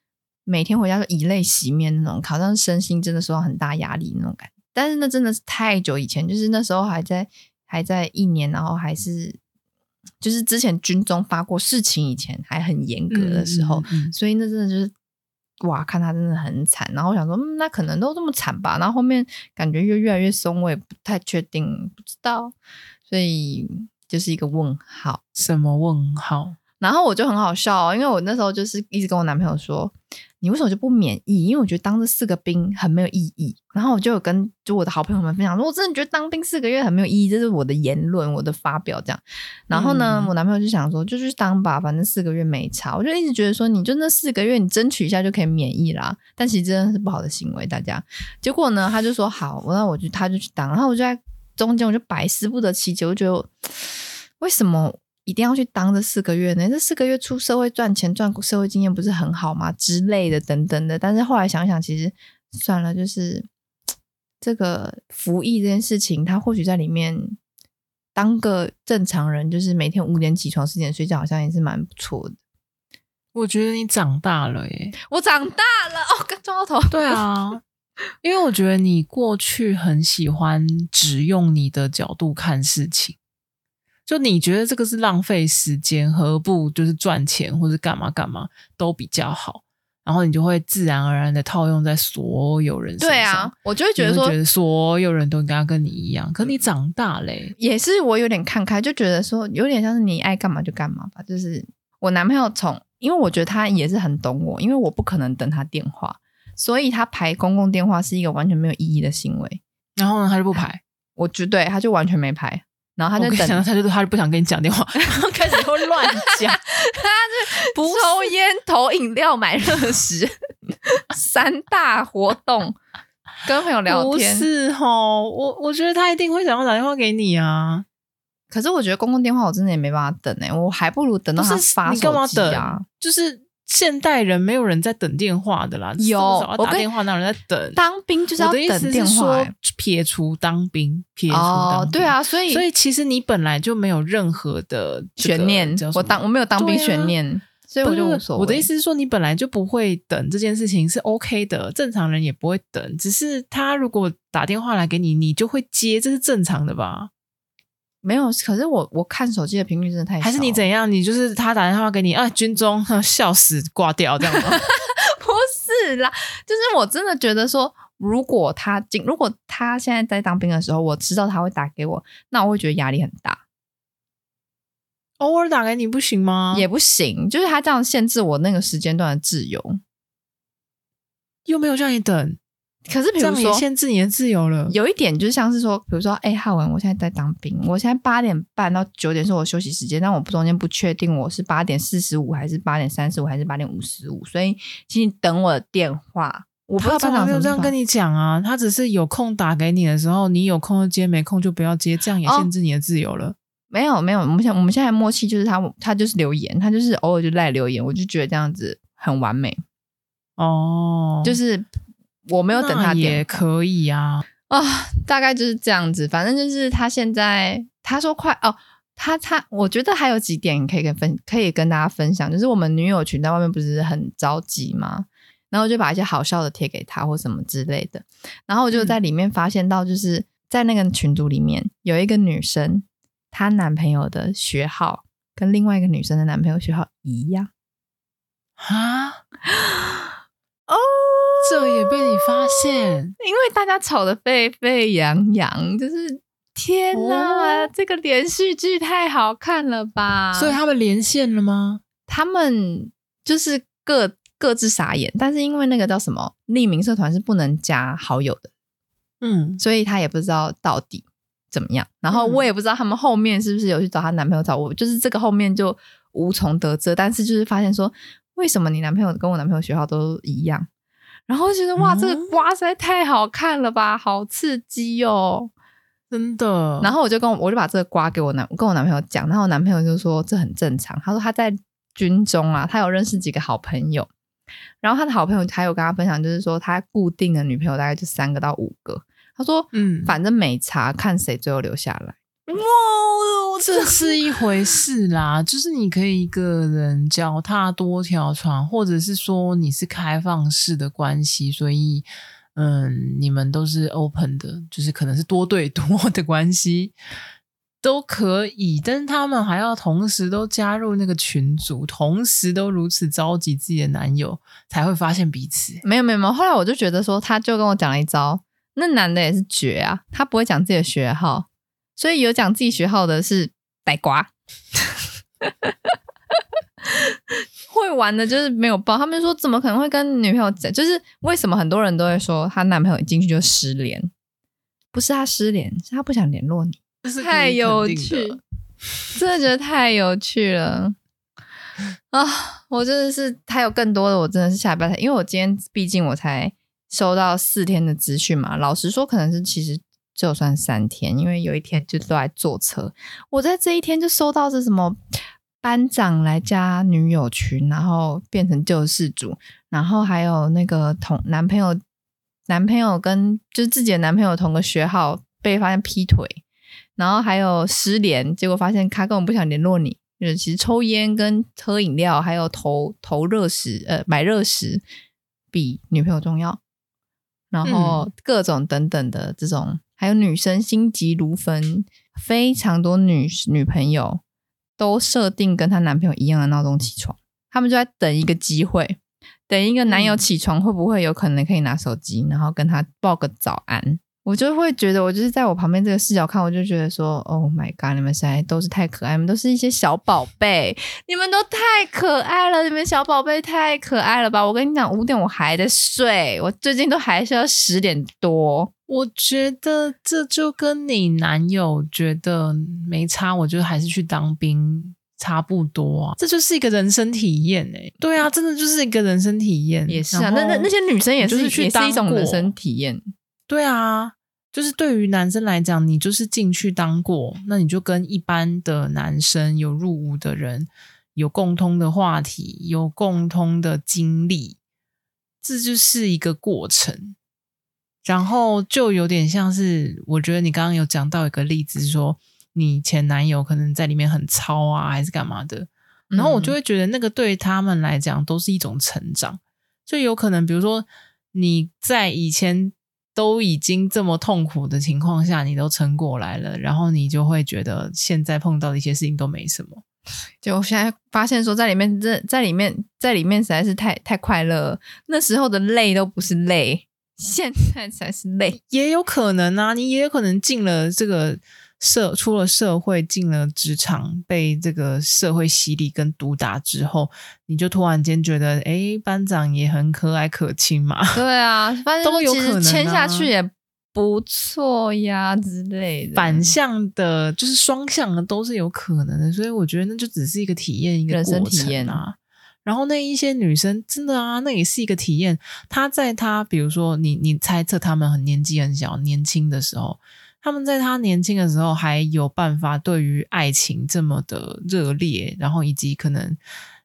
每天回家都以淚洗面那種，好像身心真的受到很大壓力那種感覺。但是那真的是太久以前，就是那時候還在還在一年，然後還是就是之前軍中發過事情以前還很嚴格的時候，嗯嗯、所以那真的就是哇，看他真的很慘。然後我想說，嗯，那可能都這麼慘吧。然後後面感覺又越來越鬆，我也不太確定，不知道，所以就是一個問號，什麼問號？然後我就很好笑、哦，因為我那時候就是一直跟我男朋友說，你為什麼就不免役？因為我覺得當這四個兵很沒有意義。然後我就有跟就我的好朋友們分享說，我真的覺得當兵四個月很沒有意義，這是我的言論，我的發表這樣。然後呢、嗯，我男朋友就想說，就去當吧，反正四個月沒差。我就一直覺得說，你就那四個月，你爭取一下就可以免役啦。但其實真的是不好的行為，大家。結果呢，他就說好，我那我就他就去當，然後我就在中間我就百思不得其解，我覺得為什麼？一定要去當這四個月呢？這四個月出社會賺錢，賺社會經驗不是很好嗎？之類的，等等的。但是後來想想，其實算了，就是這個服役這件事情，他或許在裡面當個正常人，就是每天五點起床，十點睡覺，好像也是蠻不錯的。我覺得你長大了耶！我長大了哦，剛撞到頭。對啊，因為我覺得你過去很喜歡只用你的角度看事情。就你覺得這個是浪費時間，何不就是賺錢或是幹嘛幹嘛都比較好？然後你就會自然而然的套用在所有人身上。對啊，我就會覺得說，覺得所有人都應該跟你一樣。可你長大嘞，也是我有點看開，就覺得說，有點像是你愛幹嘛就幹嘛吧。就是我男朋友從，因為我覺得他也是很懂我，因為我不可能等他電話，所以他排公共電話是一個完全沒有意義的行為。然後呢，他就不排，我就對，他就完全沒排。然後他就想他就他就不想跟你講電話， 然後開始會亂講， 他就不抽菸、投飲料、買零食 三大活動， 跟朋友聊天不是哈、哦？我我覺得他一定會想要打電話給你啊，可是我覺得公共電話我真的也沒辦法等誒、欸、我還不如等到他發手機啊，是你幹嘛等，就是。現代人沒有人在等電話的啦，有打電話 okay，那人在等。當兵就是要是等電話、欸。撇除當兵，撇除當兵，oh，對啊，所以所以其實你本來就沒有任何的懸、這個、念。我當我沒有當兵懸念、啊，所以我就無所謂。我的意思是說，你本來就不會等這件事情是 OK 的，正常人也不會等。只是他如果打電話來給你，你就會接，這是正常的吧？沒有，可是我我看手機的頻率真的太……還是你怎樣？你就是他打電話給你啊？軍中笑死，掛掉這樣嗎？ 不是啦，就是我真的覺得說，如果他進，如果他現在在當兵的時候，我知道他會打給我，那我會覺得壓力很大。偶爾打給你不行嗎？也不行，就是他這樣限制我那個時間段的自由，又沒有這樣一等？可是，比如說，限制你的自由了。有一點，就是像是說，比如說，哎、欸，浩文，我現在在當兵，我現在八點半到九點是我休息時間，但我中間不確定我是八點四十五還是八點三十五還是八點五十五，所以請你等我的電話。我不知道班長有沒有這樣跟你講啊？他只是有空打給你的時候，你有空就接，沒空就不要接，這樣也限制你的自由了。哦、沒有，沒有，我們現我們現在默契就是他，他就是留言，他就是偶爾就賴留言，我就覺得這樣子很完美。哦，就是。我沒有等他點，也可以啊啊！Oh, 大概就是這樣子，反正就是他現在他說快哦、oh，他他我覺得還有幾點可以跟分，可以跟大家分享，就是我們女友群在外面不是很着急嗎？然後我就把一些好笑的貼給他或什麼之類的，然後我就在裡面發現到，就是、嗯、在那個群組裡面有一個女生，她男朋友的學號跟另外一個女生的男朋友學號一樣啊哦。這也被你發現，哦、因為大家吵得沸沸揚揚，就是天吶、哦，這個連續劇太好看了吧？所以他們連線了嗎？他們就是各各自傻眼，但是因為那個叫什麼匿名社團是不能加好友的，嗯，所以他也不知道到底怎麼樣。然後我也不知道他們後面是不是有去找她男朋友找我，就是這個後面就無從得知。但是就是發現說，為什麼你男朋友跟我男朋友學校都一樣？然後我覺得哇、嗯，這個瓜實在太好看了吧，好刺激哦，真的。然後我就跟我，我就把這個瓜給我男，我跟我男朋友講。然後我男朋友就說這很正常，他說他在軍中啊，他有認識幾個好朋友。然後他的好朋友還有跟他分享，就是說他固定的女朋友大概就三個到五個。他說嗯，反正沒差看誰最後留下來。哇哦，這是一回事啦，就是你可以一個人腳踏多條船，或者是說你是開放式的關係，所以嗯，你們都是 open 的，就是可能是多對多的關係都可以。但是他們還要同時都加入那個群組，同時都如此着急自己的男友，才會發現彼此。沒有沒有沒有，後來我就覺得說，他就跟我講了一招，那男的也是絕啊，他不會講自己的學號。所以有講自己學好的是呆瓜。 會玩的就是沒有報。他們說，怎麼可能會跟女朋友講？就是為什麼很多人都會說她男朋友一進去就失聯？不是他失聯，是他不想聯絡你。太有趣，真的覺得太有趣了啊！ uh, 我真的是，是還有更多的，我真的是下不來台，因為我今天畢竟我才收到四天的資訊嘛。老實說，可能是其實。就算三天，因為有一天就都在坐車。我在這一天就收到是什麼班長來加女友群，然後變成救世主，然後還有那個同男朋友，男朋友跟就是自己的男朋友同個學號被發現劈腿，然後還有失聯，結果發現他根本不想聯絡你。就是其實抽煙跟喝飲料，還有投投熱食，呃，買熱食比女朋友重要。然後各種等等的這種。還有女生心急如焚，非常多女女朋友都設定跟她男朋友一樣的鬧鐘起床，她們就在等一個機會，等一個男友起床會不會有可能可以拿手機，嗯，然後跟他報個早安？我就會覺得，我就是在我旁邊這個視角看，我就覺得說，Oh my god！你們現在都是太可愛，你們都是一些小寶貝，你們都太可愛了，你們小寶貝太可愛了吧？我跟你講，五點我還在睡，我最近都還是要十點多。我覺得這就跟你男友覺得沒差，我覺得還是去當兵差不多啊，這就是一個人生體驗哎、欸。對啊，真的就是一個人生體驗，也是啊。那那那些女生也是，是去當過，也是一種人生體驗。對啊，就是對於男生來講，你就是進去當過，那你就跟一般的男生有入伍的人有共通的話題，有共通的經歷，這就是一個過程。然後就有點像是，我覺得你剛剛有講到一個例子說，說你前男友可能在裡面很糙啊，還是幹嘛的，然後我就會覺得那個對他們來講都是一種成長。嗯、就有可能，比如說你在以前都已經這麼痛苦的情況下，你都撐過來了，然後你就會覺得現在碰到的一些事情都沒什麼。就我現在發現說在，在裡面在在裡面在裡面實在是太太快樂，那時候的累都不是累。現在才是累，也有可能啊，你也有可能進了這個社，出了社會，進了職場，被這個社會洗禮跟毒打之後，你就突然間覺得，哎，班長也很可愛可親嘛。對啊，都有可能，簽下去也不錯呀之類的。反向的，就是雙向的，都是有可能的。所以我覺得，那就只是一個體驗，一個人生體驗啊。然後那一些女生真的啊，那也是一個體驗。她在她比如說，你你猜測他們很年紀很小年輕的時候，他們在他年輕的時候還有辦法對於愛情這麼的熱烈，然後以及可能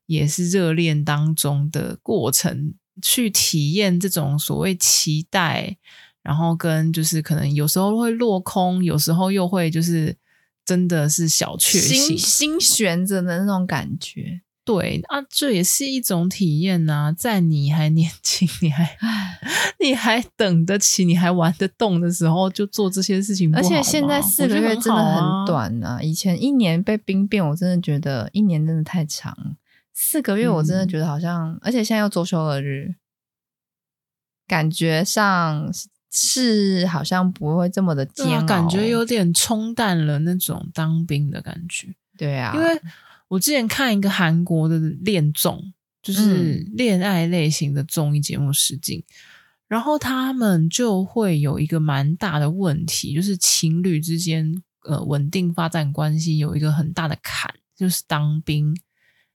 也是熱戀當中的過程去體驗這種所謂期待，然後跟就是可能有時候會落空，有時候又會就是真的是小確幸，心心懸着的那種感覺。對啊，這也是一種體驗吶、啊，在你還年輕，你還你還等得起，你還玩得動的時候，就做這些事情不好。而且現在四個月真的很短啊！啊以前一年被兵變，我真的覺得一年真的太長。四個月，我真的覺得好像，嗯、而且現在又週休二日，感覺上是,是好像不會這麼的煎熬、啊，感覺有點沖淡了那種當兵的感覺。對啊，因為。我之前看一個韓國的戀綜，就是戀愛類型的綜藝節目實境、嗯，然後他們就會有一個蠻大的問題，就是情侶之間呃穩定發展關係有一個很大的坎，就是當兵，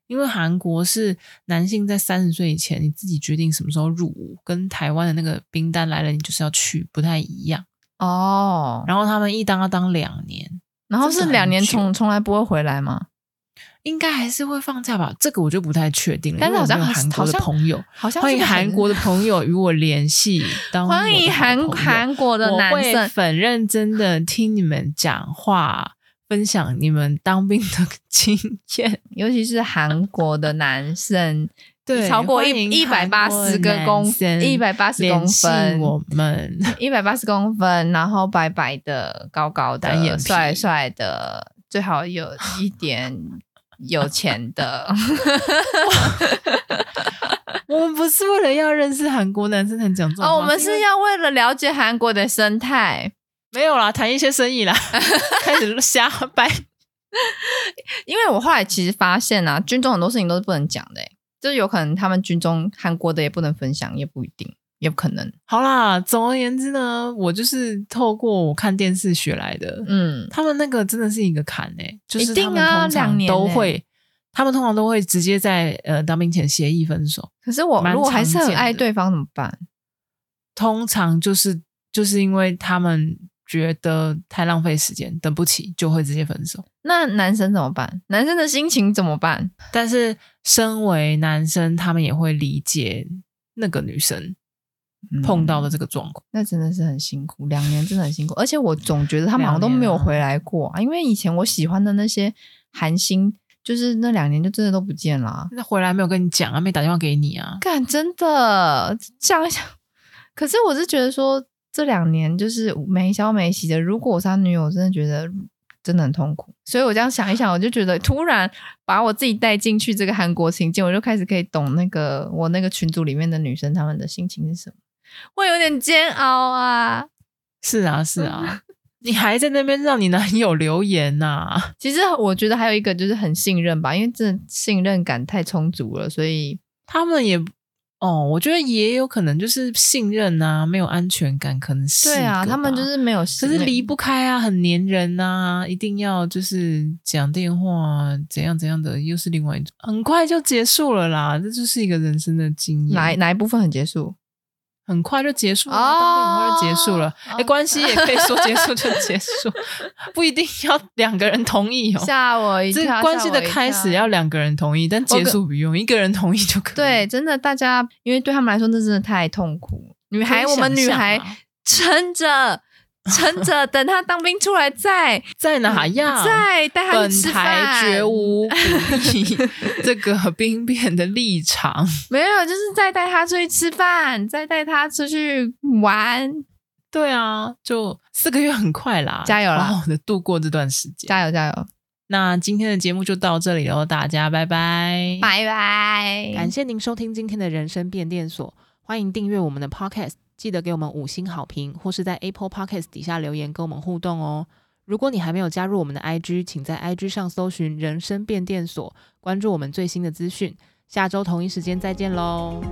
因為韓國是男性在三十歲以前你自己決定什麼時候入伍，跟台灣的那個兵單來了你就是要去，不太一樣哦。然後他們一當要當兩年，然後是兩年從從來不會回來嗎？應該還是會放假吧，這個我就不太確定了。但是好像韓國的朋友，好像好像是歡迎韓國的朋友與我聯繫。當歡迎韓韓國的男生，我會很認真的聽你們講話， 分享你們當兵的經驗，尤其是韓國的男生， 對，超過一一百八十公分，一百八十公分，我們一百八十公分，然後白白的、高高的、帥帥的，最好有一點。有錢的， 我們不是為了要認識韓國男生才講這種話，我們是要為了了解韓國的生態。沒有啦，談一些生意啦， 開始瞎掰。 因為我後來其實發現呢、啊，軍中很多事情都是不能講的、欸，就有可能他們軍中韓國的也不能分享，也不一定。也不可能。好啦，總而言之呢，我就是透過我看電視學來的。嗯，他們那個真的是一個坎嘞、一定啊，就是他們通常都會，兩年欸、他們通常都會直接在呃當兵前協議分手。可是我如果還是很愛對方怎麼辦？常通常就是就是因為他們覺得太浪費時間，等不起，就會直接分手。那男生怎麼辦？男生的心情怎麼辦？但是身為男生，他們也會理解那個女生。碰到的這個狀況、嗯，那真的是很辛苦，兩年真的很辛苦。而且我總覺得他們好像都沒有回來過、啊，因為以前我喜歡的那些韓星，就是那兩年就真的都不見了、啊。那回來沒有跟你講啊？沒打電話給你啊？幹，真的想一想。可是我是覺得說這兩年就是沒消沒息的。如果我是他女友，我真的覺得真的很痛苦。所以我這樣想一想，我就覺得突然把我自己帶進去這個韓國情境，我就開始可以懂那個我那個群組裡面的女生他們的心情是什麼。會有點煎熬啊，是啊，是啊，你還在那邊讓你男友留言吶、啊？ 其實我覺得還有一個就是很信任吧，因為這信任感太充足了，所以他們也哦，我覺得也有可能就是信任吶、啊，沒有安全感，可能是對啊，他們就是沒有信任，可是離不開啊，很黏人啊，一定要就是講電話怎樣怎樣的，又是另外一種，很快就結束了啦，這就是一個人生的經驗，哪哪一部分很結束？很快就結束了，哦、當很快就結束了。哎、哦欸，關係也可以說 結束就結束，不一定要兩個人同意哦。嚇我一嚇我一跳！這關係的開始要兩個人同意，但結束不用一個人同意就可以。對，真的，大家因為對他們來說，那真的太痛苦。女孩，我們女孩撐着。趁著，等他當兵出來再再 哪樣？再帶他去吃飯。本台絕無 這個兵變的立場。 沒有，就是再帶他出去吃飯，再帶他出去玩。對啊，就四個月很快啦，加油啦，好好的度過這段時間。加油加油！那今天的節目就到這裡嘍，大家拜拜拜拜！感謝您收聽今天的人生變電所，歡迎訂閱我們的 Podcast。記得給我們五星好評，或是在 Apple Podcast 底下留言跟我們互動哦。如果你還沒有加入我們的 IG，請在 IG 上搜尋“人生變電所”，關注我們最新的資訊。下週同一時間再見嘍！